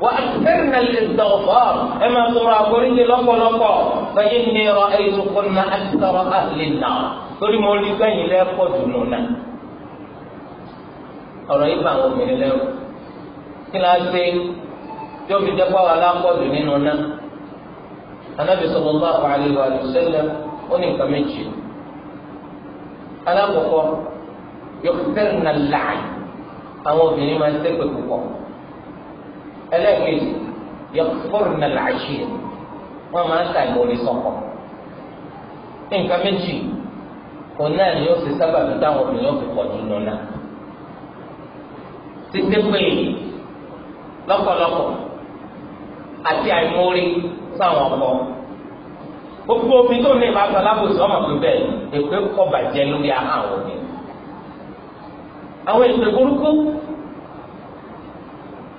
wà á tẹ̀lé náà lè dọ̀fọ́ ẹ máa sọ̀rọ̀ àforíjì lọ́pọ̀lọpọ̀ fẹ́yìn ní ọ̀rọ̀ ẹ̀yìn kò ná àtìsọ̀rọ̀ àlè náà torí mo rí gbẹ̀yìn lẹ́kọ̀ọ́ dùnú náà ọ̀rọ̀ yìí bá àwọn obìnrin lẹ́rù kí la ṣe tí ó fi jẹ́ pàwọ́ náà anabi sallallahu alayhi wa sallam ó ní nǹkan méjì alákọ̀ọ́kọ́ yọkùtẹ́rìnà láàyè àwọn obìnrin máa ń ṣépè púpọ̀ ẹlẹ́ẹ̀kejì yọkùtẹ́rìnà láàṣì wọ́n máa ń ta ìmọ̀lẹ́ sọ̀kọ̀ nǹkan méjì kò náà ni ó ti sábà fi táwọn obìnrin ó fi pọ̀ jù lọ náà ti àti àìmọ́rí sáwọn ọkọ gbogbo omi tó ní ìbátan alábòsí ọmọ tó bẹ́ẹ̀ èpè kọ́ bàjẹ́ lórí ahọ́n àwọn òbí àwọn èpè burúkú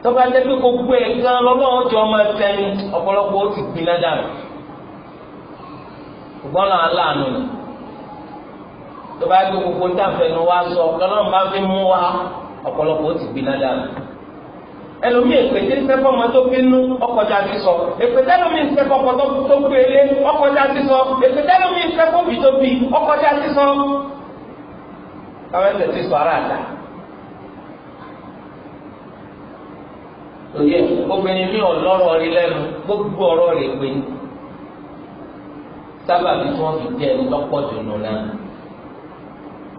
tọ́ba jẹ́ gbogbo ẹ̀ gan tí ọmọ ẹ̀fẹ́ ni ó ti gbin ládàrú ṣùgbọ́n náà ni wa ó ti ẹlòmíì èpètè sẹ́fọ́ ọmọ tó fi nú ọkọjà ti sọ èpètè ẹlòmíì sẹ́fọ́ ọkọ tó gbélé ọkọjà ti sọ èpètè ẹlòmíì sẹ́fọ́ òbí tó bí ọkọjà ti sọ. káwọn ẹsẹ̀ ti sọ ara àdá. òye obìnrin mi ò lọ́rọ̀ rí lẹ́nu gbogbo ọ̀rọ̀ rẹ̀ pé sábàbí tí wọ́n fi jẹ́ ẹni lọ́pọ̀ dùnú náà.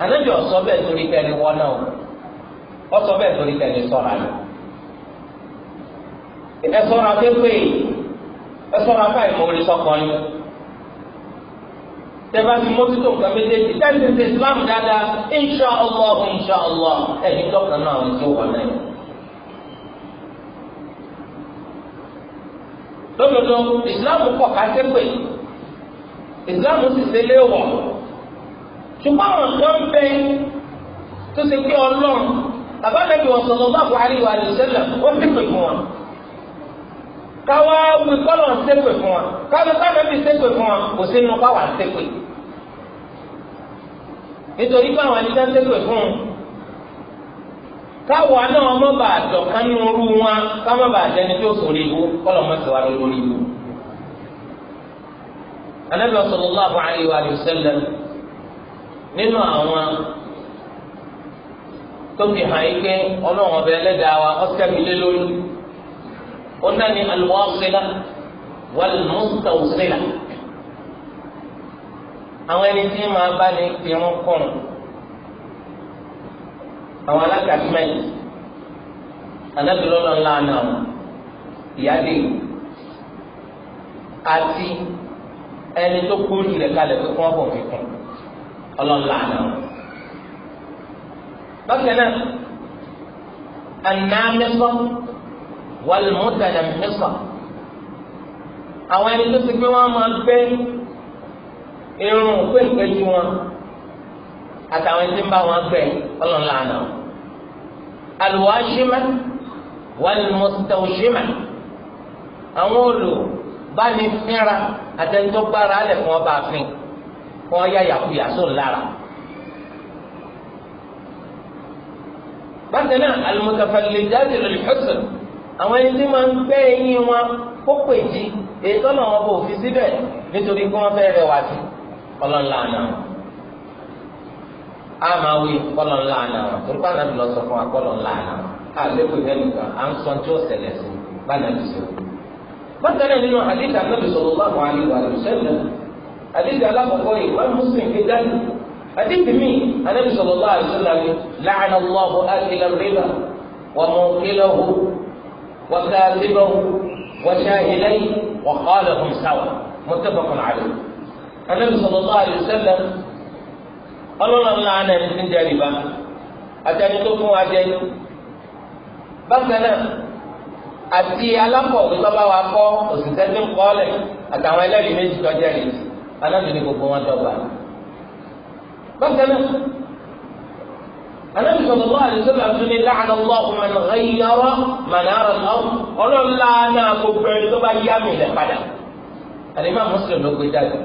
ànábì ọ̀sọ́ bẹ́ẹ̀ torí kẹ́ni wọ́n náà ọ̀sọ́ bẹ́ẹ̀ torí kẹ́ni sọ̀rọ̀ àná. ẹ sọ́ra pépè ẹ sọ́ra fáì mọ orí sọkọrin sí mọ́tútù nǹkan méjèèjì Islam dáadáa insha allah insha allah ẹ̀mí lọ́kàn náà àwọn tí wà náà. lódodo Islam pọ̀ ká sépè Islam sì ṣe léwọ̀ ṣùgbọ́n àwọn kan bẹ tó ṣe pé ọlọ́run àbálẹ́bí wọn sọ̀rọ̀ bá buhari wà wọ́n káwá wí kọ́lọ̀ ń ṣépè fún wa káwá káwá bí ṣépè fún wa kò sínú káwá ń ṣépè nítorí pé àwọn ẹnìkan ṣépè fún un káwa náà ọmọ bá dọ̀kánú orú wọn káwọn bá jẹni tó sòrí ibú kọ́lọ̀ mọ́ sí wa lórí ibú. Ànábì sallallahu alayhi wa sallam nínú àwọn tó fi hàn yí pé ọlọ́run ọbẹ̀ ẹlẹ́dàá wa ọ́ sẹ́mi lé lórí ọ̀nà ni alwasila walmustawsila àwọn ẹni tí màá bá ní irun kùn àwọn alákàtúmẹ̀tì anábìlọ́lọ́ ńlá náà ìyáde àti ẹni tó kú lulẹ̀ kalẹ̀ pé kí wọ́n bọ̀ ọlọ́ńlá náà. bákan náà ànámẹ́sọ́ wàlmútàlẹ̀ mẹ́sà àwọn ẹni tó ti pé wọ́n máa gbé irun pèpèjú wọn àtàwọn ẹni tí ń bá wọn gbẹ ọlọ́run làánà alùwàṣímẹ́ wàlmùtàwṣímẹ́ àwọn olù bá ní fínra àtẹnudọ́ gbára alẹ̀ fún ọba àfin fún ọyá yàkuyà sóun lára. bákan náà alùmùtàfàlẹ́jáde lórí àwọn ẹni tí máa ń gbẹ́ eyín wọn kó pè jí èyí tó náà wọn bò fi síbẹ̀ nítorí pé wọ́n fẹ́ rẹwà sí a máa wí torí lọ sọ fún wa ọlọ́nla àná a lébùú ìfẹ́nu kan à ń sọ tí ó ṣẹlẹ̀ sí bánà lè ṣe. bákan nínú àdéhùn ànábì sallallahu alaihi wa sallam àdéhùn alákọ̀ọ́kọ́ yìí wọ́n mú sí àdéhùn mi وكاتبه وشاهديه وقالهم سوا متفق عليه النبي صلى الله عليه وسلم ọlọ́run ńlá náà ní sídìí àríwá àtẹni tó fún wa jẹ bákan náà àti alákọ̀wé bàbá wa kọ́ òṣìṣẹ́ tó ń kọ́lẹ̀ àtàwọn ẹlẹ́rìí méjì tọ́jú ẹ̀rí alábìíní gbogbo wọn dọ́gba bákan náà anabi sọ̀rọ̀ lọ́wọ́ àdìsọ́lá tún ní láàánú ọlọ́ọ̀kùn mọ̀nà ẹ̀yọ́rọ́ mọ̀nà ọlọ́ọ̀kùn ọlọ́ọ̀lá náà gbogbo ẹni tó bá yá mi lẹ̀ padà àdìmọ́ mùsùlùmí ló gbé jáde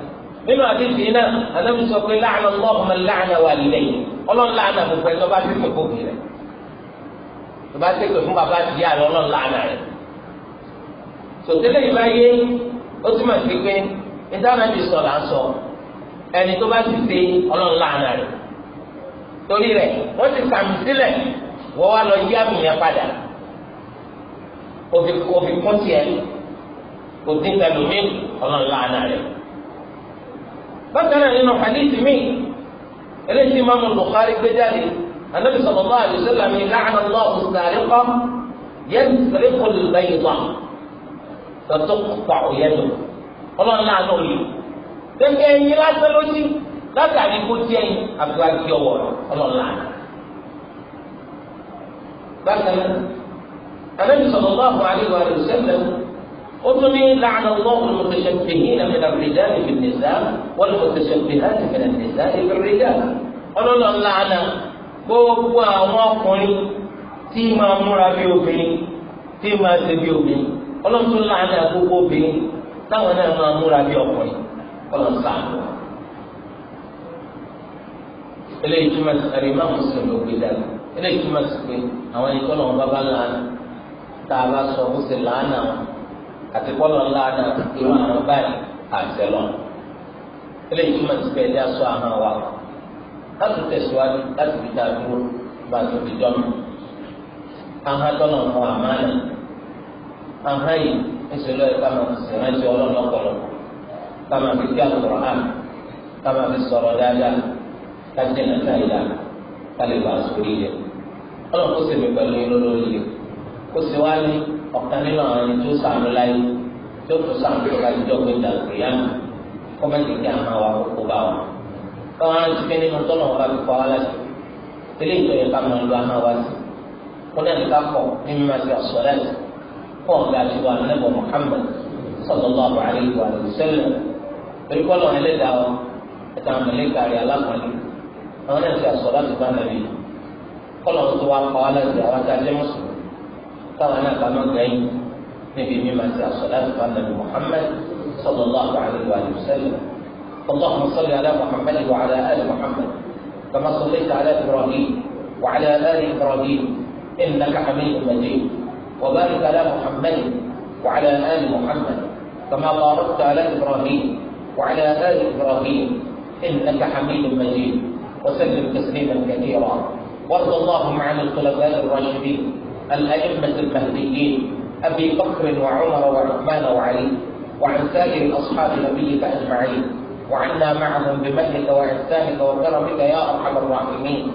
nínú àdìsí náà anabi sọ pé láàánú ọlọ́ọ̀kùn mọ̀nà láàánú wà lẹ́yìn ọlọ́ọ̀lá náà gbogbo ẹni tó bá ti pèkó bì rẹ̀ tó bá ti pè fún bàbá àti ìyá rẹ̀ ọlọ́ọ̀lá náà rẹ̀ sòtẹ́lẹ̀ ìbáyé ó túmọ̀ sí pé ìdáná ti sọ̀ là ẹni tó bá ti ṣe ọlọ́ọ̀lá náà torí rẹ̀ wọ́n ti sàmì sílẹ̀ wọ́n wá lọ yí àmì yẹn padà òfin òfin kún tiẹ̀ kò dín pẹ̀lú mi ọlọ́run lánà rẹ̀. bákan náà nínú hadith mi eléyìí tí Imam Bukhari gbé jáde anabi sallallahu alaihi wasallam la'ana Allahu as-sariqa yasriqu al-bayda tọ́tọ́ pààyàn lọ ọlọ́run lánà rẹ̀. gẹ́gẹ́ lásán ló látàrí kó jẹyìn àbúrò àti ọwọ́ ọlọlá bákan náà àlejò sọlọ bá àwọn àlejò àlejò sẹlẹ ó tún ní làánà lọ́wọ́ lọ́sẹ̀sẹ̀ tẹ̀yìn náà mẹ́ta rìdá ìfì nìdá wọ́n lọ́sẹ̀sẹ̀ tẹ̀yìn náà mẹ́ta nìdá ìfì rìdá ọlọ́lọ́lá náà gbogbo àwọn ọkùnrin tí máa múra bí obìnrin tí máa ṣe bí obìnrin ọlọ́run láàánú àgbogbo obìnrin táwọn náà máa múra bí ọkùnrin ọlọ́run sáà eléyìí túmọ̀ sí ẹ̀rí máa mùsùlùmí ló gbé dàgbà eléyìí túmọ̀ sí pé àwọn ẹni tọ́lọ̀ wọn bá bá làánà tá a bá sọ wọn sì làánà wọn àti kọ́lọ̀ làánà irú àwọn báyìí àṣẹ lọ eléyìí túmọ̀ sí pé ẹ̀dá sọ àwọn wa láti tẹ̀síwájú láti fi dá dúró bá a tó fi dọ́nà àwọn tọ́lọ̀ fún àmàlà àwọn yìí ìṣòro ẹ̀ká máa fi sèrántí ọlọ́ọ̀lọ́pọ̀lọpọ̀ ká máa fi kí àlùkò kájẹ́ nàta ìlà kálíbà sórí rẹ̀ ọlọ́run kó sèmi pẹ̀lú inú lórí rẹ̀ kó sì wá ní ọ̀kan nínú àwọn ẹni tó sànú láyé tó tó sànú tó bá ti dọ́gbé dàgbé yá mi kó má ti kí àwọn wa kókó bá wa káwọn á ti fi nínú tọ́lọ̀ wọn bá fi kọ́ wa láti ilé ìtọ́jú ká máa lo àwọn wa sí kó náà ní ká ní mímá sí ọ̀sọ̀ láti kó ọ̀gá àti wa nílẹ̀ Muhammad sallallahu alaihi àwọn náà ti àsọ láti قال nàbí kọlọ̀ tó wá pa wá láti àwọn tá a jẹ́ mùsùlùmí táwọn náà bá má gbẹ̀yìn níbi mímọ̀ ti àsọ اللهم صل على محمد وعلى آل محمد كما صليت على إبراهيم وعلى آل إبراهيم إنك حميد مجيد وبارك على محمد وعلى آل محمد كما باركت على إبراهيم وعلى آل إبراهيم إنك حميد مجيد وسلم تسليما كثيرا وارض اللهم عن الخلفاء الراشدين الائمه المهديين ابي بكر وعمر وعثمان وعلي وعن سائر اصحاب نبيك اجمعين وعنا معهم بمنك واحسانك وكرمك يا ارحم الراحمين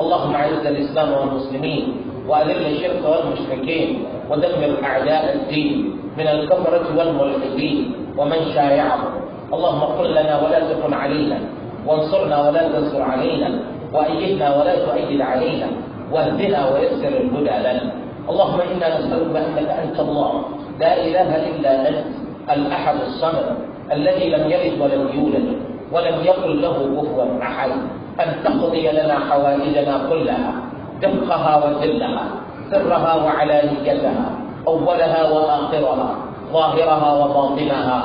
اللهم اعز الاسلام والمسلمين واذل الشرك والمشركين ودمر اعداء الدين من الكفره والملحدين ومن شايعهم اللهم قل لنا ولا تكن علينا وانصرنا ولا تنصر علينا وأيدنا ولا تؤيد علينا واهدنا ويسر الهدى لنا اللهم إنا نسألك أنك أنت الله لا إله إلا أنت الأحد الصمد الذي لم يلد ولم يولد ولم يكن له كفوا أحد أن تقضي لنا حوائجنا كلها دقها وجلها سرها وعلانيتها أولها وآخرها ظاهرها وباطنها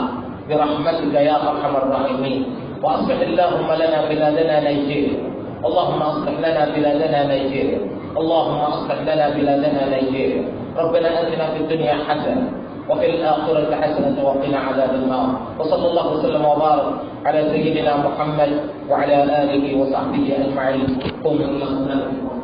برحمتك يا أرحم الراحمين وأصلح اللهم لنا بلادنا نيجيريا اللهم أصلح لنا بلادنا نيجيريا اللهم أصلح لنا بلادنا نيجيريا ربنا آتنا في الدنيا حسنة وفي الآخرة حسنة وقنا عذاب النار وصلى الله وسلم وبارك على سيدنا محمد وعلى آله وصحبه أجمعين قوموا إلى صلاتكم